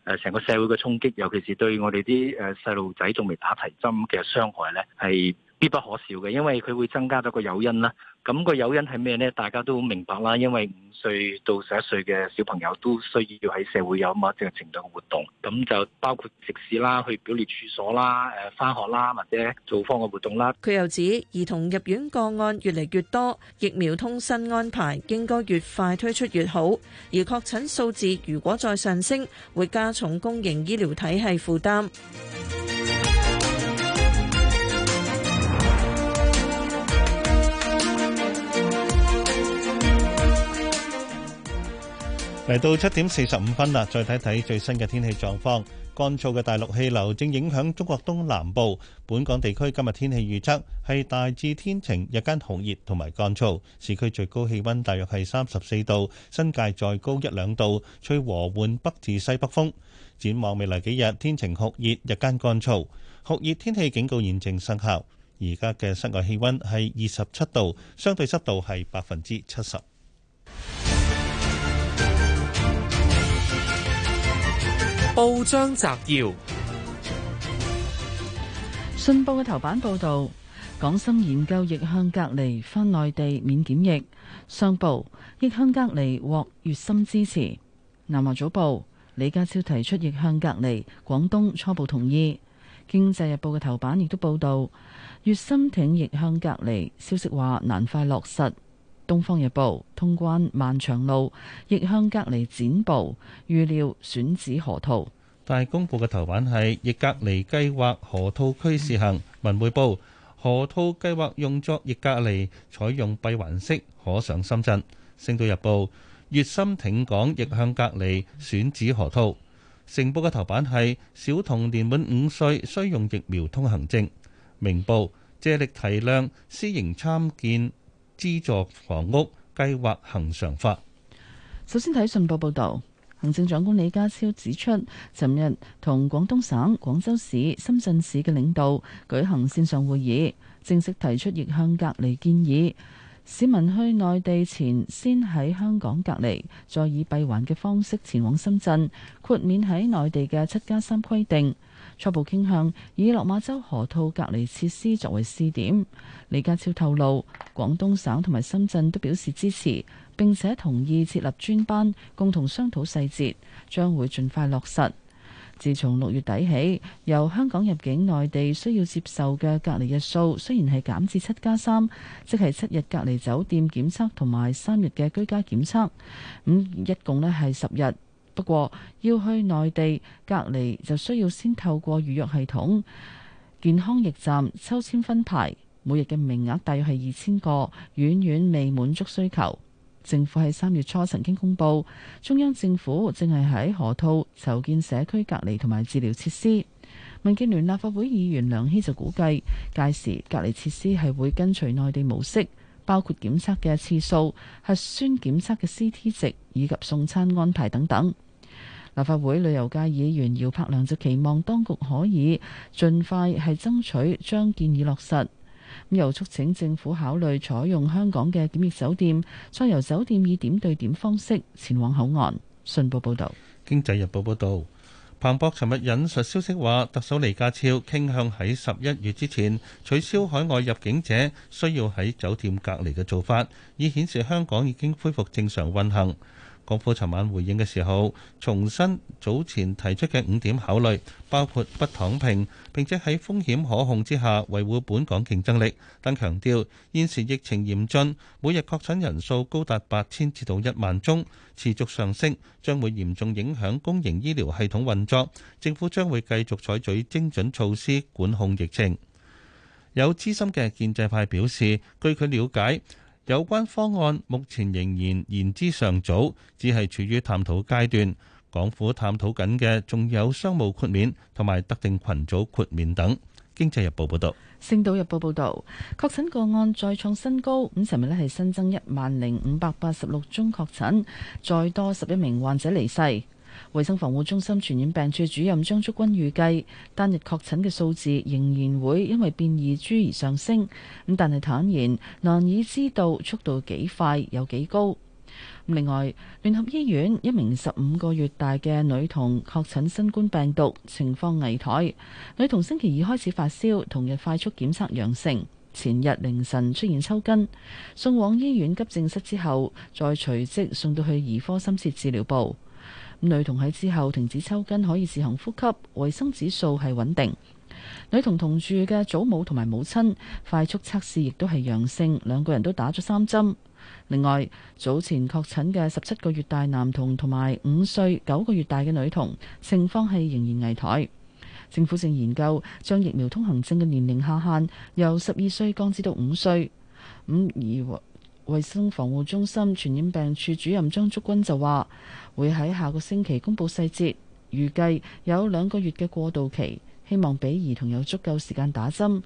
誒成個社會嘅衝擊，尤其是對我哋啲誒細路仔仲未打齊針嘅傷害咧係必不可少嘅，因為佢會增加咗個誘因啦。咁個誘因係咩咧？大家都明白啦，因為五歲到十一歲嘅小朋友都需要要喺社會有某一程度嘅活動。咁就包括食肆啦、去表列處所啦、誒翻學啦，或者做方嘅活動啦。佢又指兒童入院個案越嚟越多，疫苗通新安排應該越快推出越好。而確診數字如果再上升，會加重公營醫療體系負擔。嚟到七點四十五分啦，再睇睇最新嘅天氣狀況。乾燥嘅大陸氣流正影響中國東南部。本港地區今日天氣預測係大致天晴，日間酷熱同埋乾燥。市區最高氣温大約係三十四度，新界再高一兩度。吹和緩北至西北風。展望未來幾日，天晴酷熱，日間乾燥。酷熱天氣警告現正生效。而家嘅室外氣温係二十七度，相對濕度係百分之七十。報章摘要：《信報》嘅頭版報道，港深研究逆向隔離返內地免檢疫。商報逆向隔離獲粵深支持。南華早報李家超提出逆向隔離，廣東初步同意。《經濟日報》嘅頭版亦都報道，粵深挺逆向隔離，消息話難快落實。《東方日報》通關漫長路，逆向隔離展布，預料選址河套。大公報嘅頭版係逆隔離計劃河套區試行，文匯報河套計劃用作逆隔離，採用閉環式，可上深圳。《星島日報》粵深挺港，逆向隔離選址河套。《成報》嘅頭版係小童年滿五歲需用疫苗通行證。《明報》借力提亮私營參建。資助房屋計劃恆常法。首先睇信報報道，行政長官李家超指出，尋日同廣東省、廣州市、深圳市嘅領導舉行線上會議，正式提出逆向隔離建議，市民去內地前先喺香港隔離，再以閉環嘅方式前往深圳，豁免喺內地嘅七加三規定。初步傾向以落馬洲河套隔離設施作為試點。李家超透露，廣東省同埋深圳都表示支持，並且同意設立專班，共同商討細節，將會盡快落實。自從六月底起，由香港入境內地需要接受嘅隔離日數，雖然係減至七加三，即係七日隔離酒店檢測同埋三日嘅居家檢測，咁、嗯、一共咧係十日。不過要去內地隔離，就需要先透過預約系統健康驛站抽籤分排，每日嘅名額大約係二千個，遠遠未滿足需求。政府喺三月初曾經公布，中央政府正係喺河套籌建社區隔離同埋治療設施。民建聯立法會議員梁希就估計屆時隔離設施係會跟隨內地模式，包括檢測嘅次數、核酸檢測嘅 CT 值以及送餐安排等等。立法會旅遊界議員姚柏良就期望當局可以盡快係爭取將建議落實，咁又促請政府考慮採用香港嘅檢疫酒店，再由酒店以點對點方式前往口岸。信報報導，《經濟日報》報道，彭博尋日引述消息話，特首李家超傾向喺十一月之前取消海外入境者需要喺酒店隔離嘅做法，以顯示香港已經恢復正常運行。港府昨晚回應嘅時候，重申早前提出嘅五點考慮，包括不躺平，並且喺風險可控之下維護本港競爭力。但強調現時疫情嚴峻，每日確診人數高達八千至到一萬宗，持續上升，將會嚴重影響公營醫療系統運作。政府將會繼續採取精準措施管控疫情。有資深嘅建制派表示，據佢了解，有關方案目前仍然言之尚早，只係處於探討階段。港府探討緊嘅仲有商務豁免同埋特定群組豁免等。經濟日報報導，星島日報報道，確診個案再創新高。五尋日咧係新增一萬零五百八十六宗確診，再多十一名患者離世。衛生防護中心傳染病處主任張竹君預計，單日確診嘅數字仍然會因為變異株而上升。咁但係坦言難以知道速度幾快有幾高。另外，聯合醫院一名十五個月大嘅女童確診新冠病毒，情況危殆。女童星期二開始發燒，同日快速檢測陽性，前日凌晨出現抽筋，送往醫院急症室之後，再隨即送到去兒科深切治療部。女童喺之後停止抽筋，可以自行呼吸，衞生指數係穩定。女童同住嘅祖母同埋母親快速測試亦都係陽性，兩個人都打咗三針。另外，早前確診嘅十七個月大男童同埋五歲九個月大嘅女童，情況係仍然危殆。政府正研究將疫苗通行證嘅年齡下限由十二歲降至到五歲。咁而衞生防護中心傳染病處主任張竹君就話：會喺下個星期公佈細節，預計有兩個月嘅過渡期，希望俾兒童有足夠時間打針。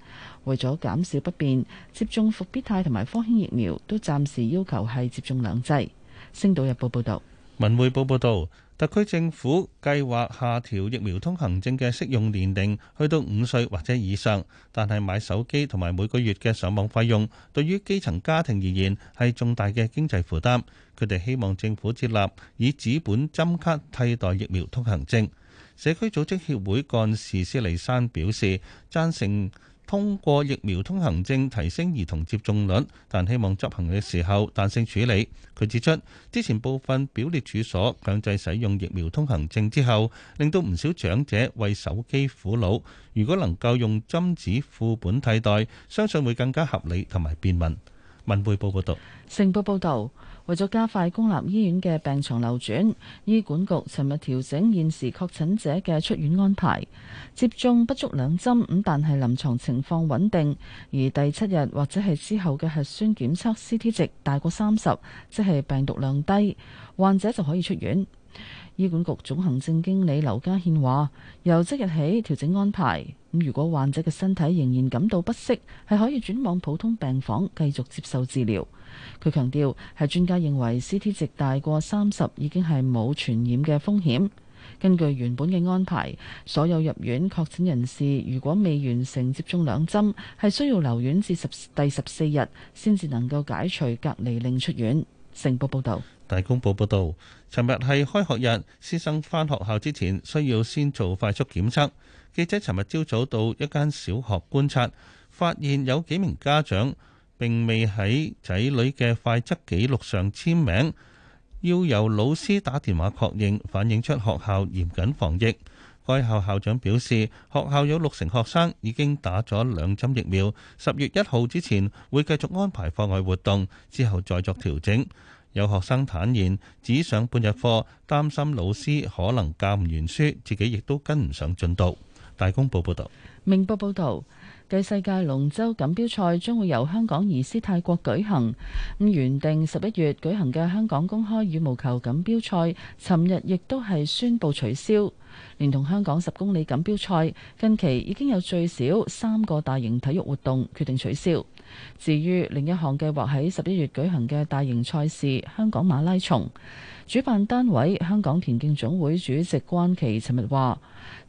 為咗減少不便，接種復必泰同埋科興疫苗都暫時要求係接種兩劑。星島日報報道。文匯報報道。特區政府計劃下調疫苗通行證嘅適用年齡，去到五歲或者以上。但係買手機同埋每個月嘅上網費用，對於基層家庭而言係重大嘅經濟負擔。佢哋希望政府設立以紙本針卡替代疫苗通行證。社區組織協會幹事施麗珊表示贊成。通過疫苗通行證提升兒童接種率，但希望執行嘅時候彈性處理。佢指出，之前部分表列處所強制使用疫苗通行證之後，令到唔少長者為手機苦惱。如果能夠用針紙副本替代，相信會更加合理同埋便民。文匯報報道。成報報導。為咗加快公立醫院嘅病床流轉，醫管局尋日調整現時確診者嘅出院安排。接種不足兩針咁，但係臨床情況穩定，而第七日或者係之後嘅核酸檢測 CT 值大過三十，即係病毒量低，患者就可以出院。醫管局總行政經理劉家憲話：由即日起調整安排，咁如果患者嘅身體仍然感到不適，係可以轉往普通病房繼續接受治療。佢強調係專家認為 CT 值大過三十已經係冇傳染嘅風險。根據原本嘅安排，所有入院確診人士如果未完成接種兩針，係需要留院至十第十四日，先至能夠解除隔離令出院。成報報道。大公報報導，尋日係開學日，師生返學校之前需要先做快速檢測。記者尋日朝早到一間小學觀察，發現有幾名家長並未喺仔女嘅快測記錄上簽名，要由老師打電話確認，反映出學校嚴謹防疫。該校校長表示，學校有六成學生已經打咗兩針疫苗，十月一號之前會繼續安排課外活動，之後再作調整。有學生坦言，只上半日課，擔心老師可能教唔完書，自己亦都跟唔上進度。大公報報道：「明報報道，繼世界龍舟錦標賽將會由香港移師泰國舉行。咁原定十一月舉行嘅香港公開羽毛球錦標賽，尋日亦都係宣布取消，連同香港十公里錦標賽。近期已經有最少三個大型體育活動決定取消。至於另一項計劃喺十一月舉行嘅大型賽事——香港馬拉松，主辦單位香港田徑總會主席關琪尋日話，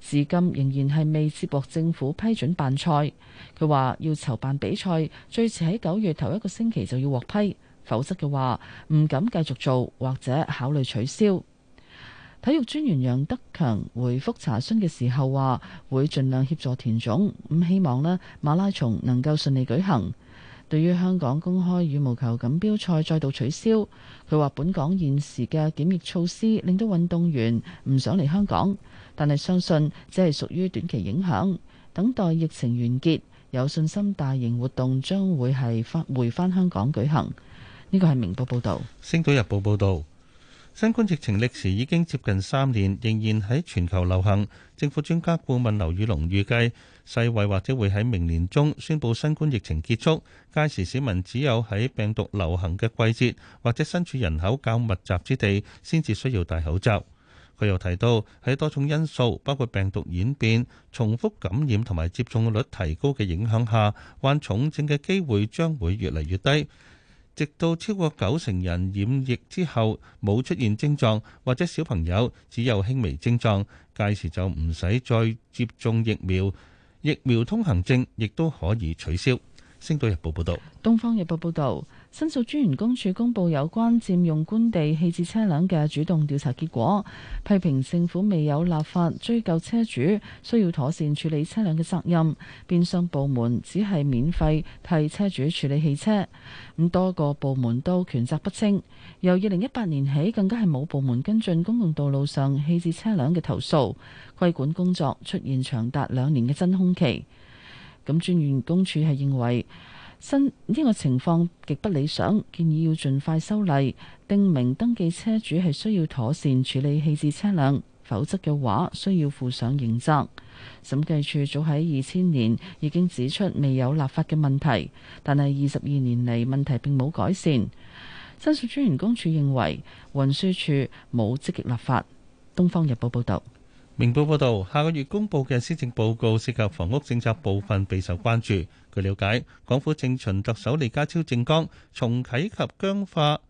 至今仍然係未接獲政府批准辦賽。佢話要籌辦比賽，最遲喺九月頭一個星期就要獲批，否則嘅話唔敢繼續做或者考慮取消。體育專員楊德強回覆查詢嘅時候話，會盡量協助田總，咁希望咧馬拉松能夠順利舉行。對於香港公開羽毛球錦標賽再度取消，佢話本港現時嘅檢疫措施令到運動員唔想嚟香港，但係相信只係屬於短期影響，等待疫情完結，有信心大型活動將會係返回返香港舉行。呢個係明報報道，《星島日報》報道，新冠疫情歷時已經接近三年，仍然喺全球流行。政府專家顧問劉宇隆預計。世衛或者會喺明年中宣布新冠疫情結束。屆時市民只有喺病毒流行嘅季節，或者身處人口較密集之地，先至需要戴口罩。佢又提到喺多重因素，包括病毒演變、重複感染同埋接種率提高嘅影響下，患重症嘅機會將會越嚟越低，直到超過九成人染疫之後冇出現症狀，或者小朋友只有輕微症狀，屆時就唔使再接種疫苗。疫苗通行證亦都可以取消。星島日報報道，東方日報報道。申訴專員公署公布有關佔用官地棄置車輛嘅主動調查結果，批評政府未有立法追究車主需要妥善處理車輛嘅責任，變相部門只係免費替車主處理汽車，咁多個部門都權責不清。由二零一八年起，更加係冇部門跟進公共道路上棄置車輛嘅投訴，規管工作出現長達兩年嘅真空期。咁專員公署係認為。新呢個情況極不理想，建議要盡快修例，定明登記車主係需要妥善處理棄置車輛，否則嘅話需要負上刑責。審計處早喺二千年已經指出未有立法嘅問題，但係二十二年嚟問題並冇改善。申訴專員公署認為運輸處冇積極立法。東方日報報道。明報報道，下個月公佈嘅施政報告涉及房屋政策部分備受關注。據了解，港府正循特首李家超政綱，重啟及僵化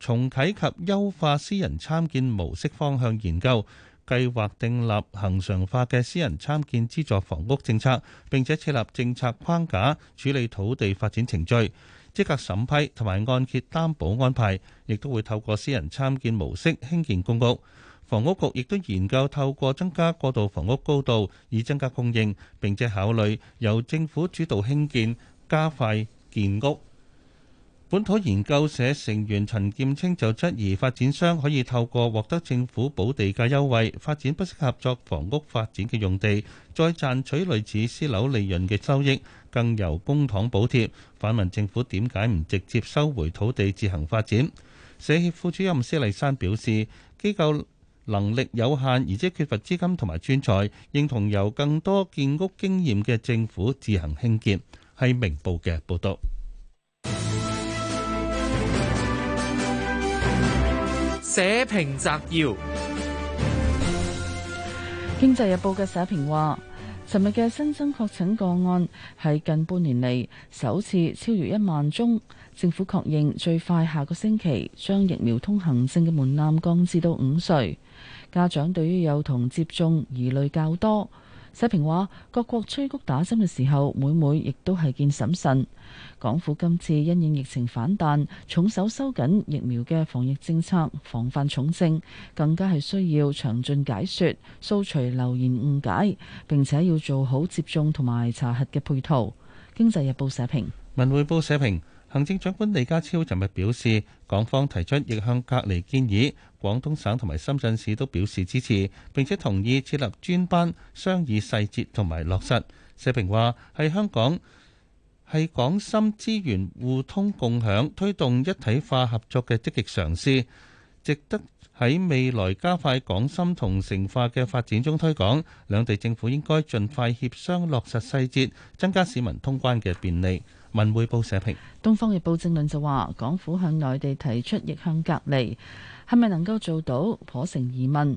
重啟及優化私人參建模式方向研究，計劃訂立恒常化嘅私人參建資助房屋政策，並且設立政策框架處理土地發展程序、資格審批同埋按揭擔保安排，亦都會透過私人參建模式興建公屋。房屋局亦都研究透過增加過渡房屋高度以增加供應，並且考慮由政府主導興建、加快建屋。本土研究社成員陳劍清就質疑發展商可以透過獲得政府補地價優惠，發展不適合作房屋發展嘅用地，再賺取類似私樓利潤嘅收益，更由公帑補貼。反問政府點解唔直接收回土地自行發展？社協副主任施麗珊表示，機構，能力有限，而且缺乏資金同埋專才，認同由更多建屋經驗嘅政府自行興建。係明報嘅報道。社評摘要：經濟日報嘅社評話，尋日嘅新增確診個案係近半年嚟首次超越一萬宗。政府確認最快下個星期將疫苗通行證嘅門檻降至到五歲。家長對於幼童接種疑慮較多，社評話：各國催谷打針嘅時候，每每亦都係見審慎。港府今次因應疫情反彈，重手收緊疫苗嘅防疫政策，防範重症更加係需要詳盡解說，掃除流言誤解，並且要做好接種同埋查核嘅配套。經濟日報社評、文匯報社評。行政長官李家超尋日表示，港方提出逆向隔離建議，廣東省同埋深圳市都表示支持，並且同意設立專班商議細節同埋落實。社評話：係香港係港深資源互通共享、推動一體化合作嘅積極嘗試，值得喺未來加快港深同城化嘅發展中推廣。兩地政府應該盡快協商落實細節，增加市民通關嘅便利。文匯報社評，《東方日報》政論就話，港府向內地提出逆向隔離，係咪能夠做到，頗成疑問。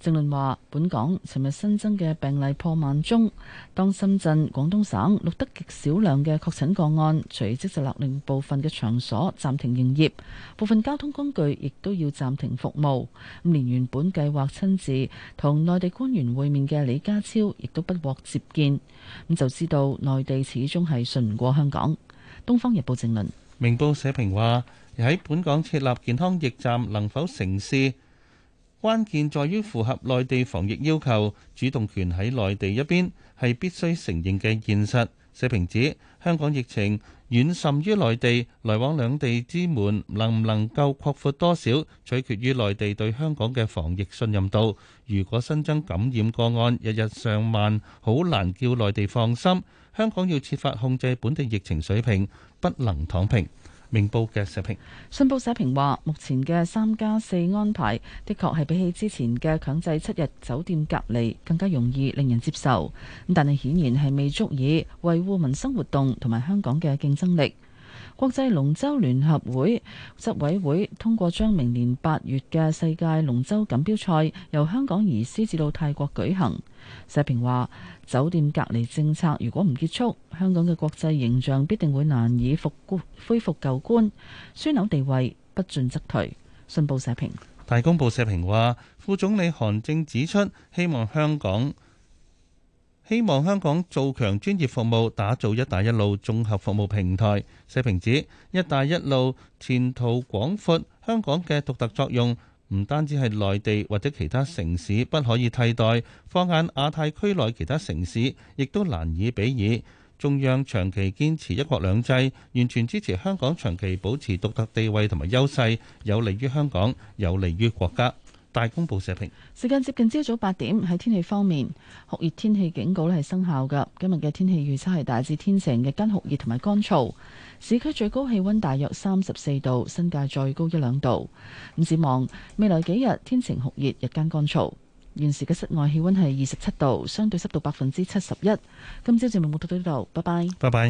正論話，本港尋日新增嘅病例破萬宗。當深圳廣東省錄得極少量嘅確診個案，隨即就勒令部分嘅場所暫停營業，部分交通工具亦都要暫停服務。咁連原本計劃親自同內地官員會面嘅李家超，亦都不獲接見。咁就知道內地始終係信唔過香港。東方日報正論，明報社評話，喺本港設立健康驛站能否成事？關鍵在於符合內地防疫要求，主動權喺內地一邊係必須承認嘅現實。社評指香港疫情遠甚於內地，來往兩地之門能唔能夠擴闊多少，取決於內地對香港嘅防疫信任度。如果新增感染個案日日上萬，好難叫內地放心。香港要設法控制本地疫情水平，不能躺平。明報嘅社評，信報社評話，目前嘅三加四安排，的確係比起之前嘅強制七日酒店隔離更加容易令人接受。但係顯然係未足以維護民生活動同埋香港嘅競爭力。國際龍舟聯合會執委會通過將明年八月嘅世界龍舟錦標賽由香港移師至到泰國舉行。社評話。酒店隔離政策如果唔結束，香港嘅國際形象必定會難以復恢復舊觀，樞紐地位不進則退。信報社評，大公報社評話，副總理韓正指出，希望香港希望香港做強專業服務，打造一帶一路綜合服務平台。社評指，一帶一路前途廣闊，香港嘅獨特作用。唔單止係內地或者其他城市不可以替代，放眼亞太區內其他城市，亦都難以比擬。中央長期堅持一國兩制，完全支持香港長期保持獨特地位同埋優勢，有利於香港，有利於國家。大公報社評。時間接近朝早八點，喺天氣方面，酷熱天氣警告咧係生效噶。今日嘅天氣預測係大致天晴，日間酷熱同埋乾燥。市區最高氣溫大約三十四度，新界再高一兩度。咁展望未來幾日，天晴酷熱，日間乾燥。現時嘅室外氣溫係二十七度，相對濕度百分之七十一。今朝節目到到呢度，拜拜。拜拜。